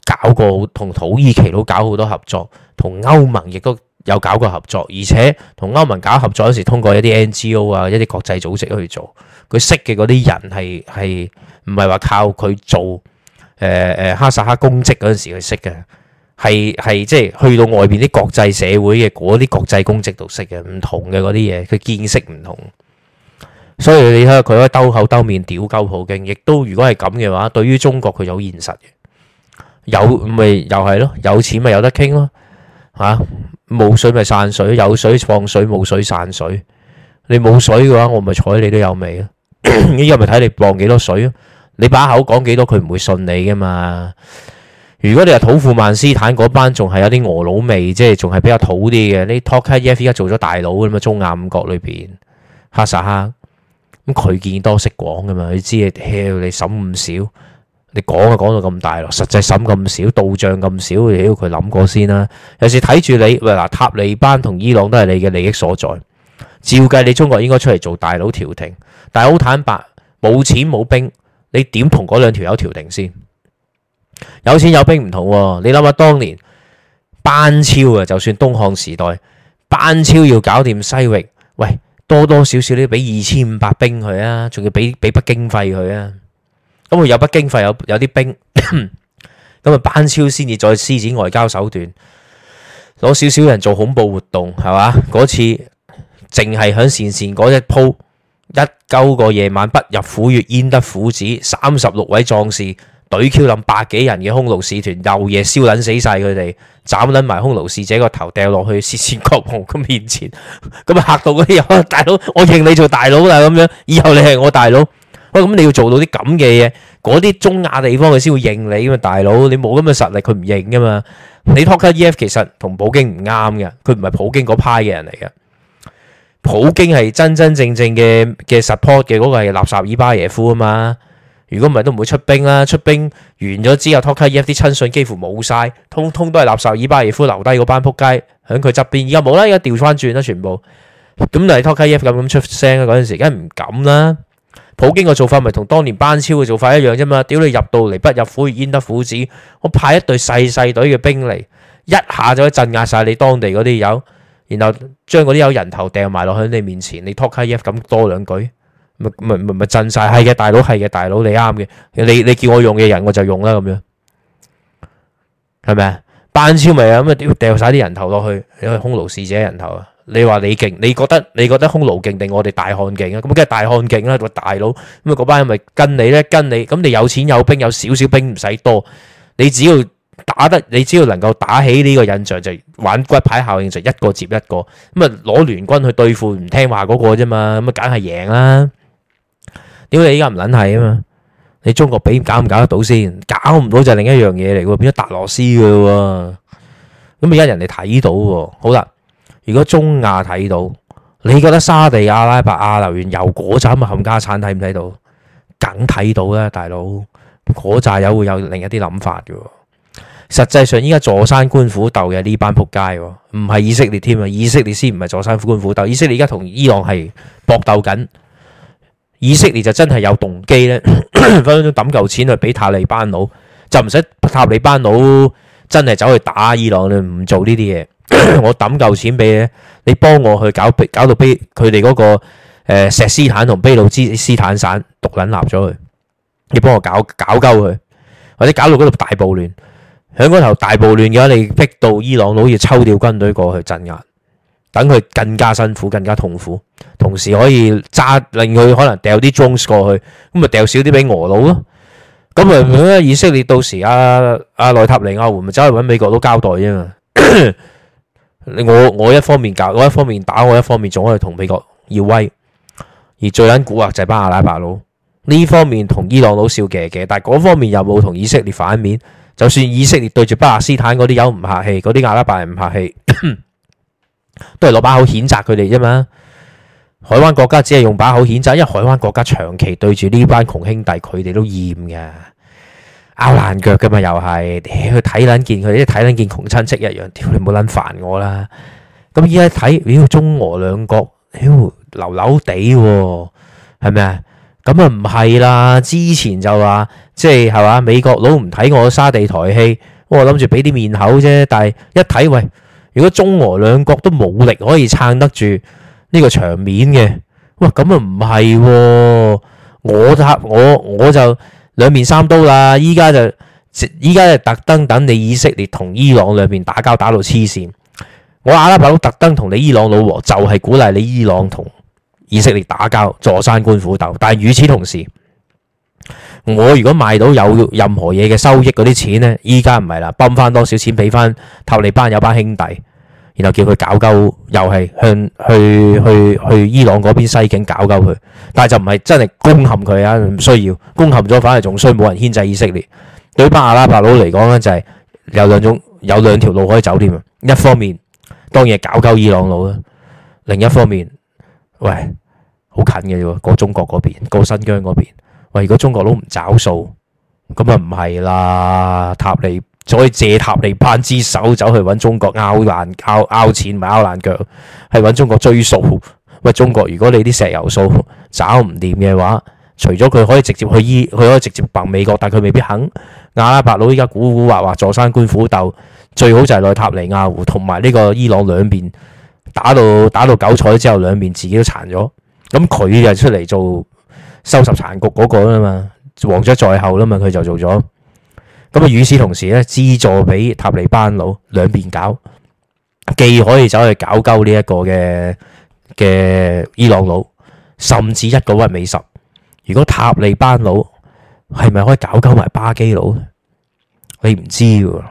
搞過同土耳其都搞好多合作，同歐盟亦都有搞過合作，而且同歐盟搞合作嗰時通過一啲 NGO 啊，一啲國際組織去做，佢識嘅嗰啲人係係唔係話靠佢做誒誒、呃、哈薩克公職嗰陣時去識嘅。係係即係去到外邊啲國際社會嘅嗰啲國際公職度識嘅唔同嘅嗰啲嘢，佢見識唔同，所以你睇下佢可以兜口兜面屌鳩普京，亦都如果係咁嘅話，對於中國佢有現實嘅，有咪又係咯，有錢咪有得傾咯，吓、啊、冇水咪散水，有水放水，冇水散水，你冇水嘅話，我咪睬你都有味咯、啊，依家咪睇你磅幾多水咯，你把口講幾多，佢唔會信你噶嘛。如果你話土庫曼斯坦嗰班仲係有啲俄佬味，即係仲係比較土啲嘅，你 Tokayev 依家做咗大佬㗎嘛，中亞五國裏邊，哈薩克，咁佢見多識廣㗎嘛，你知啊，你審唔少，你講啊講到咁大咯，實際審咁少，道賬咁少，你要佢諗過先啦，有時睇住你喂嗱，塔利班同伊朗都係你嘅利益所在，照計你中國應該出嚟做大佬調停，但係好坦白，冇錢冇兵，你點同嗰兩條友調停先？有錢有兵唔同、啊，你諗下當年班超啊，就算東漢時代，班超要搞掂西域，喂，多多少少都要俾二千五百兵佢啊，仲要俾俾北京費佢啊，咁佢有北京費，有有啲兵，咁啊、 嗯、班超先至再施展外交手段，攞少少人做恐怖活動，係嘛？嗰次淨係響鄯善嗰一鋪，一溝個夜晚不入虎穴焉得虎子，三十六位壯士。懟 Q 林百幾人嘅匈奴使團，又夜燒捻死晒佢哋，斬捻埋匈奴使者個頭掉落去攝政國王咁面前，咁啊嚇到嗰啲大佬，我認你做大佬啦咁樣，以後你係我大佬，喂、啊、咁你要做到啲咁嘅嘢，嗰啲中亞地方佢先會認你，咁啊大佬，你冇咁嘅實力佢唔認噶嘛，你 Tokayev 其實同普京唔啱嘅，佢唔係普京嗰派嘅人嚟嘅，普京係真真正正嘅嘅 support 嘅嗰、嗰個係納薩爾巴耶夫啊嘛。如果唔係都唔會出兵啦，出兵完咗之後，Tokayev 啲親信幾乎冇晒，通通都係垃圾。伊巴耶夫留低嗰班仆街喺佢側邊，而家冇啦，而家調翻轉啦，全部咁就係 Tokayev 咁咁出聲啦。嗰陣時梗係唔敢啦。普京個做法咪同當年班超嘅做法一樣啫嘛？屌你入到嚟不入虎穴焉得虎子？我派一隊細細隊嘅兵嚟，一下就可以鎮壓晒你當地嗰啲友，然後將嗰啲友人頭掟埋落喺你面前，你 Tokayev 咁多兩句。咪咪咪咪震曬，係嘅大佬，係嘅大佬，你啱嘅，你你叫我用嘅人我就用啦，咁樣係咪啊？班超咪咁啊，丟掉曬啲人頭落去，因為匈奴使者人頭啊。你話你勁，你覺得你覺得匈奴勁定我哋大漢勁啊？咁梗係大漢勁啦，個大佬咁啊嗰班係咪跟你咧，跟你咁你有錢有兵有少少兵唔使多，你只要打得，你只要能夠打起呢個印象就玩骨牌效應，就一個接一個咁啊攞聯軍去對付唔聽話嗰個啫嘛，咁啊梗係贏啦。因為你而家唔撚係啊嘛，你中國俾搞唔搞得到先？搞唔到就係另一樣嘢嚟嘅，變咗達羅斯嘅咯。咁而家人哋睇到喎，好啦，如果中亞睇到，你覺得沙地阿拉伯啊流原油嗰扎冚家產睇唔睇到？梗睇到啦，大佬，嗰扎有會有另一啲諗法嘅。實際上，而家坐山觀虎鬥嘅呢班仆街，唔係以色列添啊，以色列先唔係坐山觀虎鬥，以色列而家同伊朗係搏鬥緊。以色列就真係有動機咧，分分鐘揼嚿錢去俾塔利班佬，就唔使塔利班佬真係走去打伊朗，你唔做呢啲嘢。我揼嚿錢俾你，你幫我去搞，搞到佢哋嗰個誒錫斯坦同俾路支斯坦省獨撚立咗佢，你幫我搞搞鳩佢，或者搞到嗰度大暴亂。喺嗰頭大暴亂嘅話，你逼到伊朗佬要抽調軍隊過去鎮壓。等佢更加辛苦，更加痛苦，同時可以揸令佢可能掉啲 drone 過去，咁咪掉少啲俾俄佬咯。咁咪，以色列到時啊啊內塔尼亞胡咪走去揾美國佬交代啫嘛。 我我一方面搞，我一方面打，我一方面仲可以同美國耀威。而最撚蠱惑就係班阿拉伯佬呢方面同伊朗佬笑騎騎，但係嗰方面又冇同以色列反面。就算以色列對住巴勒斯坦嗰啲友唔客氣，嗰啲阿拉伯人唔客氣。 都係攞把口譴責佢哋啫嘛，海灣國家只係用把口譴責，因為海灣國家長期對住呢班窮兄弟，佢哋都厭嘅，拗爛腳嘅嘛又係，你睇捻見佢哋一睇捻見窮親戚一樣，屌你冇捻煩我啦。咁依家睇，屌、呃、中俄兩國，屌流流地，係咪啊？咁啊唔係啦，之前就話即係係嘛，美國佬唔睇我沙地台戲，我諗住俾啲面口啫，但係一睇喂。如果中俄兩國都冇力可以撐得住呢個場面嘅，哇咁啊唔係，我我我就兩面三刀啦。依家就依家就特登等你以色列同伊朗兩邊打交打到黐線，我阿拉伯特登同你伊朗老王就係鼓勵你伊朗同以色列打交坐山觀虎鬥，但係與此同時，我如果賣到有任何嘢嘅收益嗰啲錢呢，依家唔係啦，泵翻多少錢俾翻塔利班有班兄弟。然後叫佢搞鳩，又係向去去去伊朗嗰邊西境搞鳩佢，但係就唔係真係攻陷佢啊，唔需要攻陷咗，反而仲衰，冇人牽制以色列。對巴勒拉伯佬嚟講咧，就係有兩種，有兩條路可以走添啊。一方面，當然係搞鳩伊朗佬啦；另一方面，喂，好近嘅啫，過中國嗰邊，過新疆嗰邊。喂，如果中國佬唔找數，咁啊唔係啦，塔利。可以借塔利班之手走去揾中國拗爛拗拗錢唔係拗爛腳，係揾中國追數。喂，中國如果你啲石油數找唔掂嘅話，除咗佢可以直接去伊，佢可以直接白美國，但佢未必肯。阿拉伯佬依家古古惑惑坐山觀虎鬥，最好就係內塔尼亞湖同埋呢個伊朗兩邊打到打到九彩之後，兩邊自己都殘咗，咁佢就出嚟做收拾殘局嗰個吖嘛，王者在後啦嘛，佢就做咗。咁啊！與此同時咧，資助俾塔利班佬兩邊搞，既可以走去搞鳩呢一個嘅嘅伊朗佬，甚至一個屈美十。如果塔利班佬係咪可以搞鳩埋巴基佬，你唔知喎，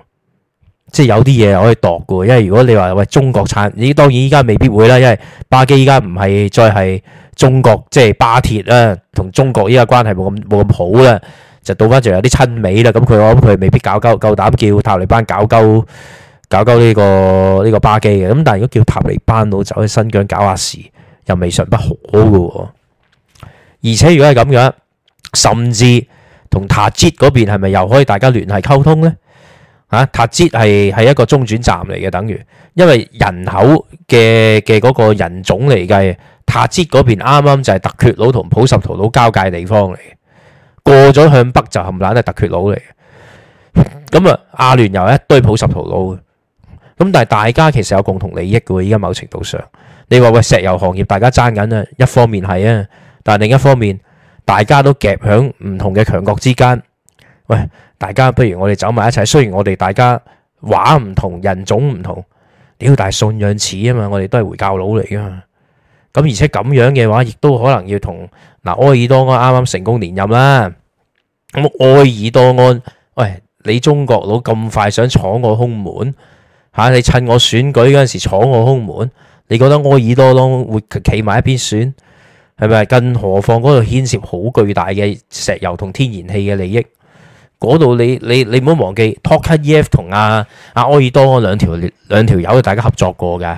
即係有啲嘢可以度嘅。因為如果你話喂，中國產，依當然依家未必會啦，因為巴基依家唔係再係中國即係巴鐵啦，同中國依家關係冇咁冇咁好啦。就倒翻就有啲親美啦，咁佢我諗佢未必搞鳩夠膽叫塔利班膽膽搞鳩搞鳩、呢、呢個呢、呢個巴基嘅，咁但係如果叫塔利班佬走去新疆搞下事，又未嘗不可嘅喎。而且如果係咁樣，甚至同塔吉嗰邊係咪又可以大家聯繫溝通咧？啊，塔吉係係一個中轉站嚟嘅，等於因為人口嘅嘅嗰個人種嚟計，塔吉嗰邊啱啱就係特厥佬同普什圖佬，佬交界地方嚟。過咗向北就冚卵都係特缺佬嚟嘅，咁啊阿聯有一堆普什圖佬嘅，咁但係大家其實有共同利益嘅，依家某程度上，你話喂，石油行業大家爭緊啊，一方面係啊，但係另一方面大家都夾響唔同嘅強國之間，喂，大家不如我哋走埋一齊，雖然我哋大家話唔同人種唔同，屌但係信仰似啊嘛，我哋都係回教佬嚟噶。咁而且咁樣嘅話，亦都可能要同嗱、呃，埃爾多安啱啱成功連任啦。咁、嗯、埃爾多安，喂，你中國佬咁快想闖我空門嚇、啊？你趁我選舉嗰陣時闖我空門，你覺得埃爾多安會企埋一邊選係咪？更何況嗰度牽涉好巨大嘅石油同天然氣嘅利益，嗰度你你你唔好忘記 Tokayev 同阿阿埃爾多安兩條兩條友，大家合作過㗎。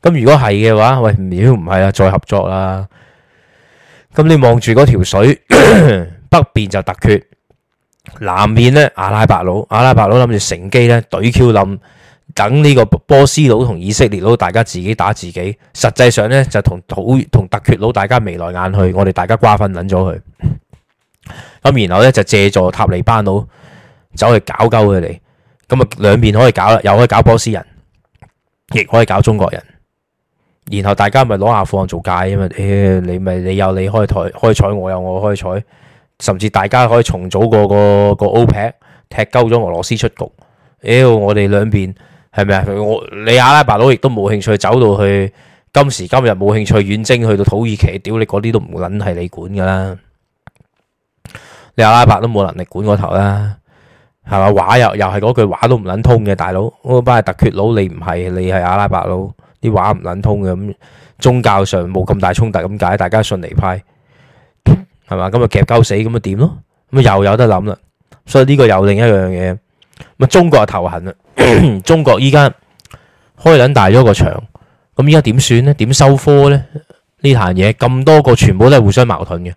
咁如果係嘅話，喂，如果唔係啦，再合作啦。咁你望住嗰條水， 北邊就特厥，南面咧阿拉伯佬，阿拉伯佬諗住乘機咧懟 Q 冧，等呢個波斯佬同以色列佬大家自己打自己。實際上咧，就同土同特厥佬大家眉來眼去，我哋大家瓜分捻咗佢。咁然後咧，就借助塔利班佬走去搞鳩佢哋，咁啊兩邊可以搞啦，又可以搞波斯人。亦可以搞中國人，然後大家咪攞阿富汗做界啊嘛！你、哎、咪你有你開台開採，我有我開採，甚至大家可以重組、那個、這個個 OPEC 踢鳩咗俄羅斯出局。妖、哎，我哋兩邊係咪啊？我你阿拉伯佬亦都冇興趣走到去今時今日冇興趣遠征去到土耳其。屌你嗰啲都唔撚係你管噶啦，你阿拉伯都冇能力管個頭啦。係嘛，話又又係嗰句話都唔捻通嘅，大佬，我班係特厥佬，你唔係，你係阿拉伯佬，啲話唔捻通嘅，咁宗教上冇咁大衝突，咁解，大家遜尼派，係嘛，咁啊夾鳩死，咁啊點咯，咁啊又有得諗啦，所以呢個又另一樣嘢，咁中國啊頭痕啦，中國依家開捻大咗個場，咁依家點算咧？點收科咧？呢壇嘢咁多個全部都係互相矛盾嘅，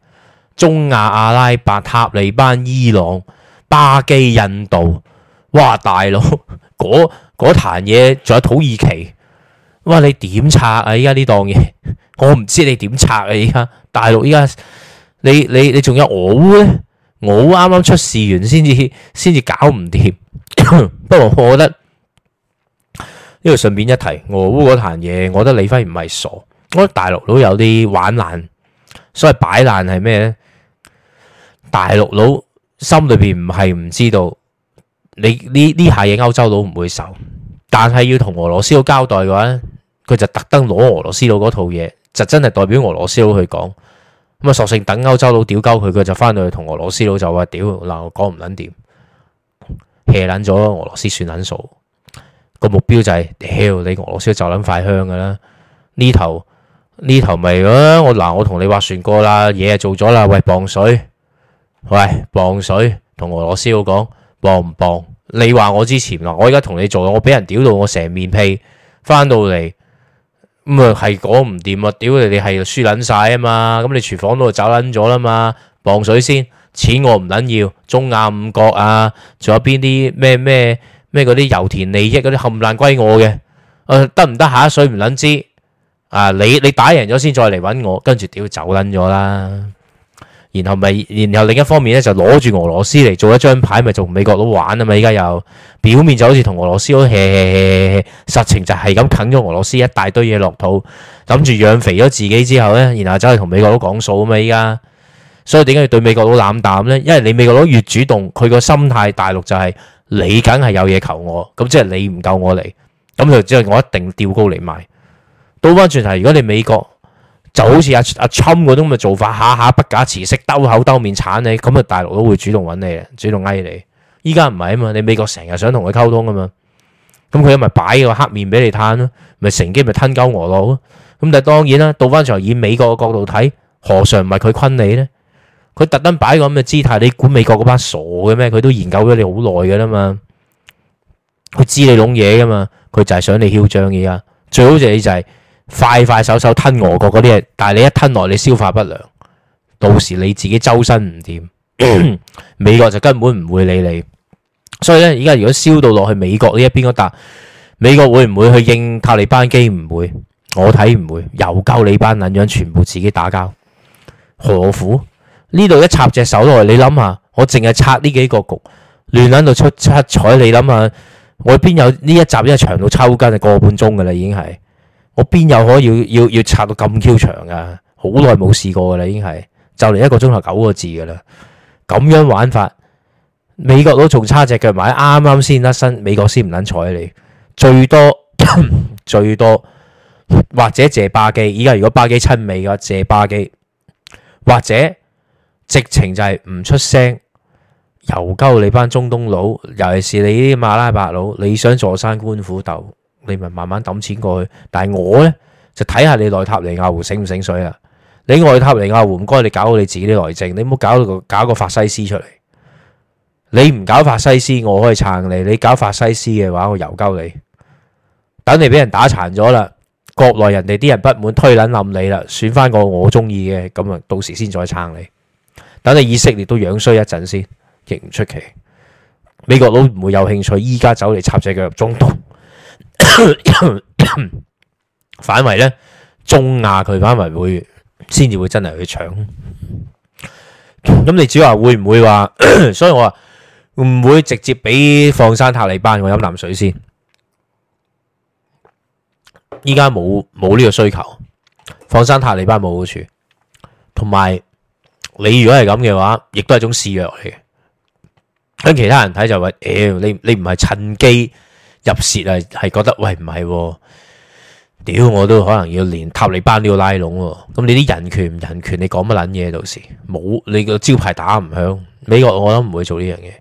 中亞、阿拉伯、塔利班、伊朗。巴基印度，哇！大佬，嗰嗰壇嘢，仲有土耳其，哇！你點拆啊？依家呢檔嘢，我唔知你點拆啊！依家大陸依家，你你你仲有俄烏咧？俄烏啱啱出事完先至先至搞唔掂。 不過我覺得呢度順便一提，俄烏嗰壇嘢，我覺得李輝唔係傻，我覺得大陸都有啲玩爛，所謂擺爛係咩咧？大陸佬。心裏邊唔係唔知道，你呢呢下嘢，歐洲佬唔會受，但係要同俄羅斯佬交代嘅話，佢就特登攞俄羅斯佬嗰套嘢，就真係代表俄羅斯佬去講。咁、嗯、啊，索性等歐洲佬屌鳩佢，佢就翻到去同俄羅斯佬就話屌，嗱，我講唔捻掂，hea 捻咗俄羅斯算捻數。個目標就係、是、屌、哎、你俄羅斯就捻快香㗎啦，呢頭呢頭咪我嗱我同你話算過啦，嘢係做咗啦，喂磅水。喂，磅水同俄羅斯好講磅唔磅？你話我之前嗱，我而家同你做，我俾人屌到我成面屁，翻到嚟咁啊係講唔掂啊！屌你，你係輸撚晒啊嘛！咁你廚房度走捻咗啦嘛！磅水先，錢我唔捻要，中亞五國啊，仲有邊啲咩咩咩嗰啲油田利益嗰啲冚爛歸我嘅，誒得唔得下一水唔捻知啊？你你打贏咗先再嚟搵我，跟住屌走捻咗啦！然後咪，然後另一方面咧就攞住俄羅斯嚟做一張牌，咪同美國佬玩啊嘛！依家又表面就好似同俄羅斯都，實情就係咁啃咗俄羅斯一大堆嘢落肚，諗住養肥咗自己之後咧，然後走去同美國佬講數啊嘛！依家所以點解要對美國佬冷淡呢？因為你美國佬越主動，佢個心態大陸就係、是、你梗係有嘢求我，咁即係你唔夠我嚟，咁就只係我一定掉高嚟賣。倒翻轉頭，如果你美國就好似阿阿侵嗰種咁嘅做法，下下不假辭色，兜口兜面鏟你，咁啊大陸都會主動揾你，主動挨你。依家唔係啊嘛，你美國成日想同佢溝通啊嘛，咁佢一咪擺個黑面俾你攤咯，咪乘機咪吞鳩俄羅咯。咁但係當然啦，到翻場以美國嘅角度睇，何嘗唔係佢昆你呢？佢特登擺個咁嘅姿態，你管美國嗰班傻嘅咩？佢都研究咗你好耐嘅啦嘛，佢知你弄嘢嘅嘛，佢就係想你囂張嘢啊！最好你就係就係。快快手手吞俄國嗰啲嘢，但係你一吞落，你消化不良，到時你自己周身唔掂，美國就根本唔會理你。所以咧，而家如果燒到落去美國呢一邊嗰笪，美國會唔會去應塔利班？基唔會，我睇唔會，又交你班撚樣全部自己打交，何苦呢度一插隻手落去？你諗下，我淨係拆呢幾個局，亂諗到出七彩，你諗下我邊有呢一集，因為長到抽筋啊，個半鐘噶啦，已經係我邊有可以要要拆到咁 Q 長㗎，啊？好耐冇試過㗎啦，已經係就嚟一個鐘頭九個字㗎啦。咁樣玩法，美國佬仲差隻腳埋，啱啱先甩身，美國先唔撚睬你。最多 最多，或者借巴基，依家如果巴基親美嘅話，借巴基，或者直情就係唔出聲，由鳩你班中東佬，尤其是你啲馬拉伯佬，你想坐山觀虎鬥？你咪慢慢抌錢過去，但係我呢，就睇下你內塔尼亞胡醒唔醒水啊？你內塔尼亞胡唔該，你搞好你自己啲內政，你唔好搞到搞個法西斯出嚟。你唔搞法西斯，我可以撐你；你搞法西斯嘅話，我由鳩你。等你俾人打殘咗啦，國內人哋啲人不滿，推撚冧你啦，選翻個我中意嘅，咁啊，到時先再撐你。等你以色列都樣衰一陣先，亦唔出奇。美國佬唔會有興趣，依家走嚟插隻腳入中東。 反為咧，中亞佢反為會先至會真係去搶，咁你只話會唔會話？ 所以我話唔會直接俾放生塔利班，我飲啖水先。依家冇冇呢個需求，放生塔利班冇好處，同埋你如果係咁嘅話，亦都係種示弱嚟嘅。喺其他人睇就話，是，屌、欸、你你唔係趁機。入舌啊，係覺得喂唔係，屌我都可能要連塔利班都要拉攏、啊，咁你啲人權唔人權你講乜撚嘢？到時冇你個招牌打唔響，美國我都唔會做呢樣嘢，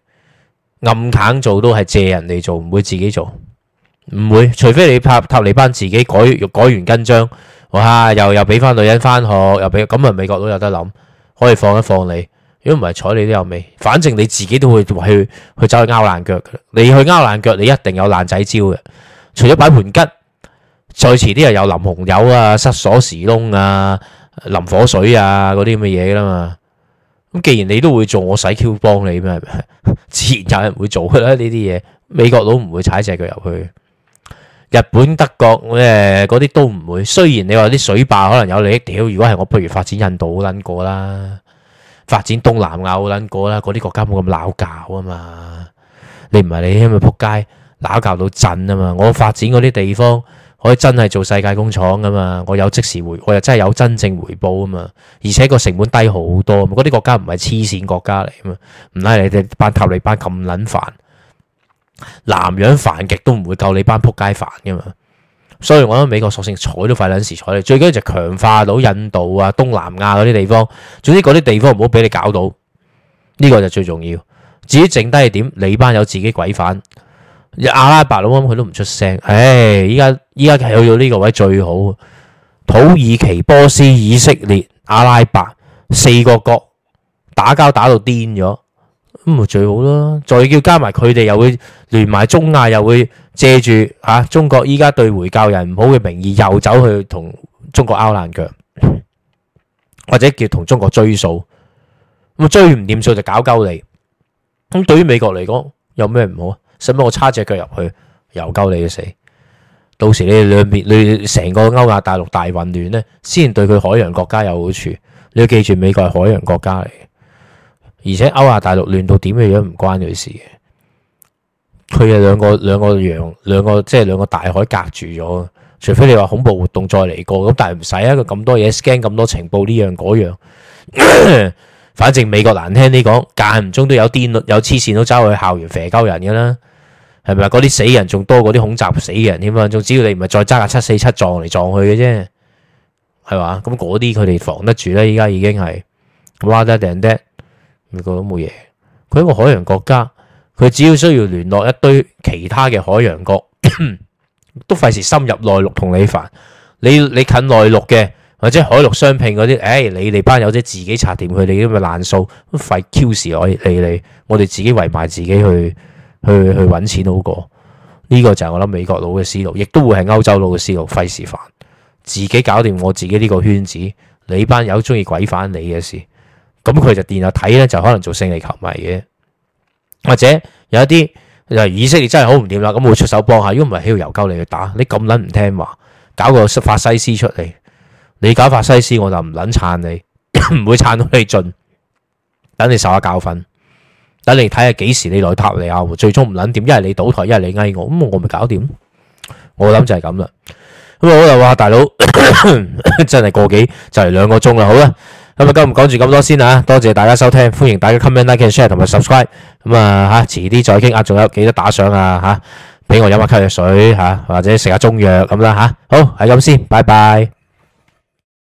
暗砍做都係借人哋做，唔會自己做，唔會除非你塔塔利班自己改改完跟章，哇、啊，又又俾翻女人翻學，又俾咁啊，美國都有得諗，可以放一放你。如果唔係，睬你都有味。反正你自己都會去去走去拗爛腳嘅。你去拗爛腳，你一定有爛仔招嘅。除咗擺盤吉，再遲啲又有淋紅油啊、失鎖匙窿啊、淋火水啊嗰啲咁嘅嘢㗎啦嘛。咁既然你都會做，我使 Q 幫你咩？係咪？自然有人會做啦。呢啲嘢，美國佬唔會踩隻腳入去。日本、德國誒，嗰啲都唔會。雖然你話啲水壩可能有利益，屌！如果係我，不如發展印度好捻過啦。發展東南亞嗰捻個啦，嗰啲國家冇咁鬧交啊嘛。你唔係你因為扑街鬧交到震啊嘛。我發展嗰啲地方可以真係做世界工廠㗎嘛。我有即時回，我又真係有真正回報啊嘛。而且個成本低好多，嗰啲國家唔係黐線國家嚟啊嘛。唔係你哋班塔利班咁捻煩，南洋煩極都唔會夠你班扑街煩噶嘛。所以我覺得美國索性睬都快撚時睬你，最緊要就強化到印度啊、東南亞嗰啲地方。總之嗰啲地方唔好俾你搞到，呢個就最重要。至於剩低係點，你班有自己鬼犯，阿拉伯，佬噉佢都唔出聲。唉，依家依家去到呢個位最好，土耳其、波斯、以色列、阿拉伯四個國打交打到癲咗。咁咪最好咯！再叫加埋佢哋又會聯埋中亞，又會借住吓中國依家對回教人唔好嘅名義，又走去同中國拗爛腳，或者叫同中國追數。咁追唔掂數就搞鳩你。咁對於美國嚟講有咩唔好？使乜我叉隻腳入去又鳩你去死？到時你哋兩邊你成個歐亞大陸大混亂呢，先對佢海洋國家有好處。你要記住，美國係海洋國家嚟而且歐亞大陸亂到點嘅樣唔關佢事嘅，佢係兩個兩個洋兩個即係兩個大海隔住咗。除非你話恐怖活動再嚟過，咁但係唔使啊！佢咁多嘢 scan 咁多情報呢樣嗰樣， 反正美國難聽啲講，間唔中都有癲有黐線都揸去校園肥鳩人噶啦，係咪？嗰啲死人仲多過啲恐襲死人添啊！仲只要你唔係再揸架七四七撞嚟撞去嘅啫，係嘛？咁嗰啲佢哋防得住咧，依家已經係。你覺得冇嘢，佢一個海洋國家，佢只要需要聯絡一堆其他嘅海洋國，咳咳都費事深入內陸同你煩。你你近內陸嘅或者海陸相拼嗰啲，唉、哎，你哋班友仔自己拆掂佢，你咁咪爛數都費 Q 時我哋你，你，你我哋自己圍埋自己去去去搵錢好過。呢、這個就係我諗美國佬嘅思路，亦都會係歐洲佬嘅思路，費事煩自己搞掂我自己呢個圈子，你班友中意鬼翻你嘅事。咁佢就電下睇咧，就可能做勝利球迷嘅，或者有一啲又、就係、以色列真係好唔掂啦，咁會出手幫下，如果唔係喺度由鳩你去打，你咁捻唔聽話，搞個法西斯出嚟，你搞法西斯我就唔捻撐你，唔 會撐到你盡，等你受下教訓，等你睇下幾時你來塔利阿，最終唔捻掂，一係你倒台，一係你嗌我，咁我咪搞掂，我諗就係咁啦。咁我又話大佬 真係過幾就嚟兩個鐘啦，好啦。咁啊，今日唔講住咁多先啦，多謝大家收聽，歡迎大家 comment、like 讚、share 同埋 subscribe。咁啊吓，遲啲再傾啊，仲有記得打賞啊吓，俾我飲下咳藥水吓，或者食下中藥咁啦吓。好，係咁先，拜拜。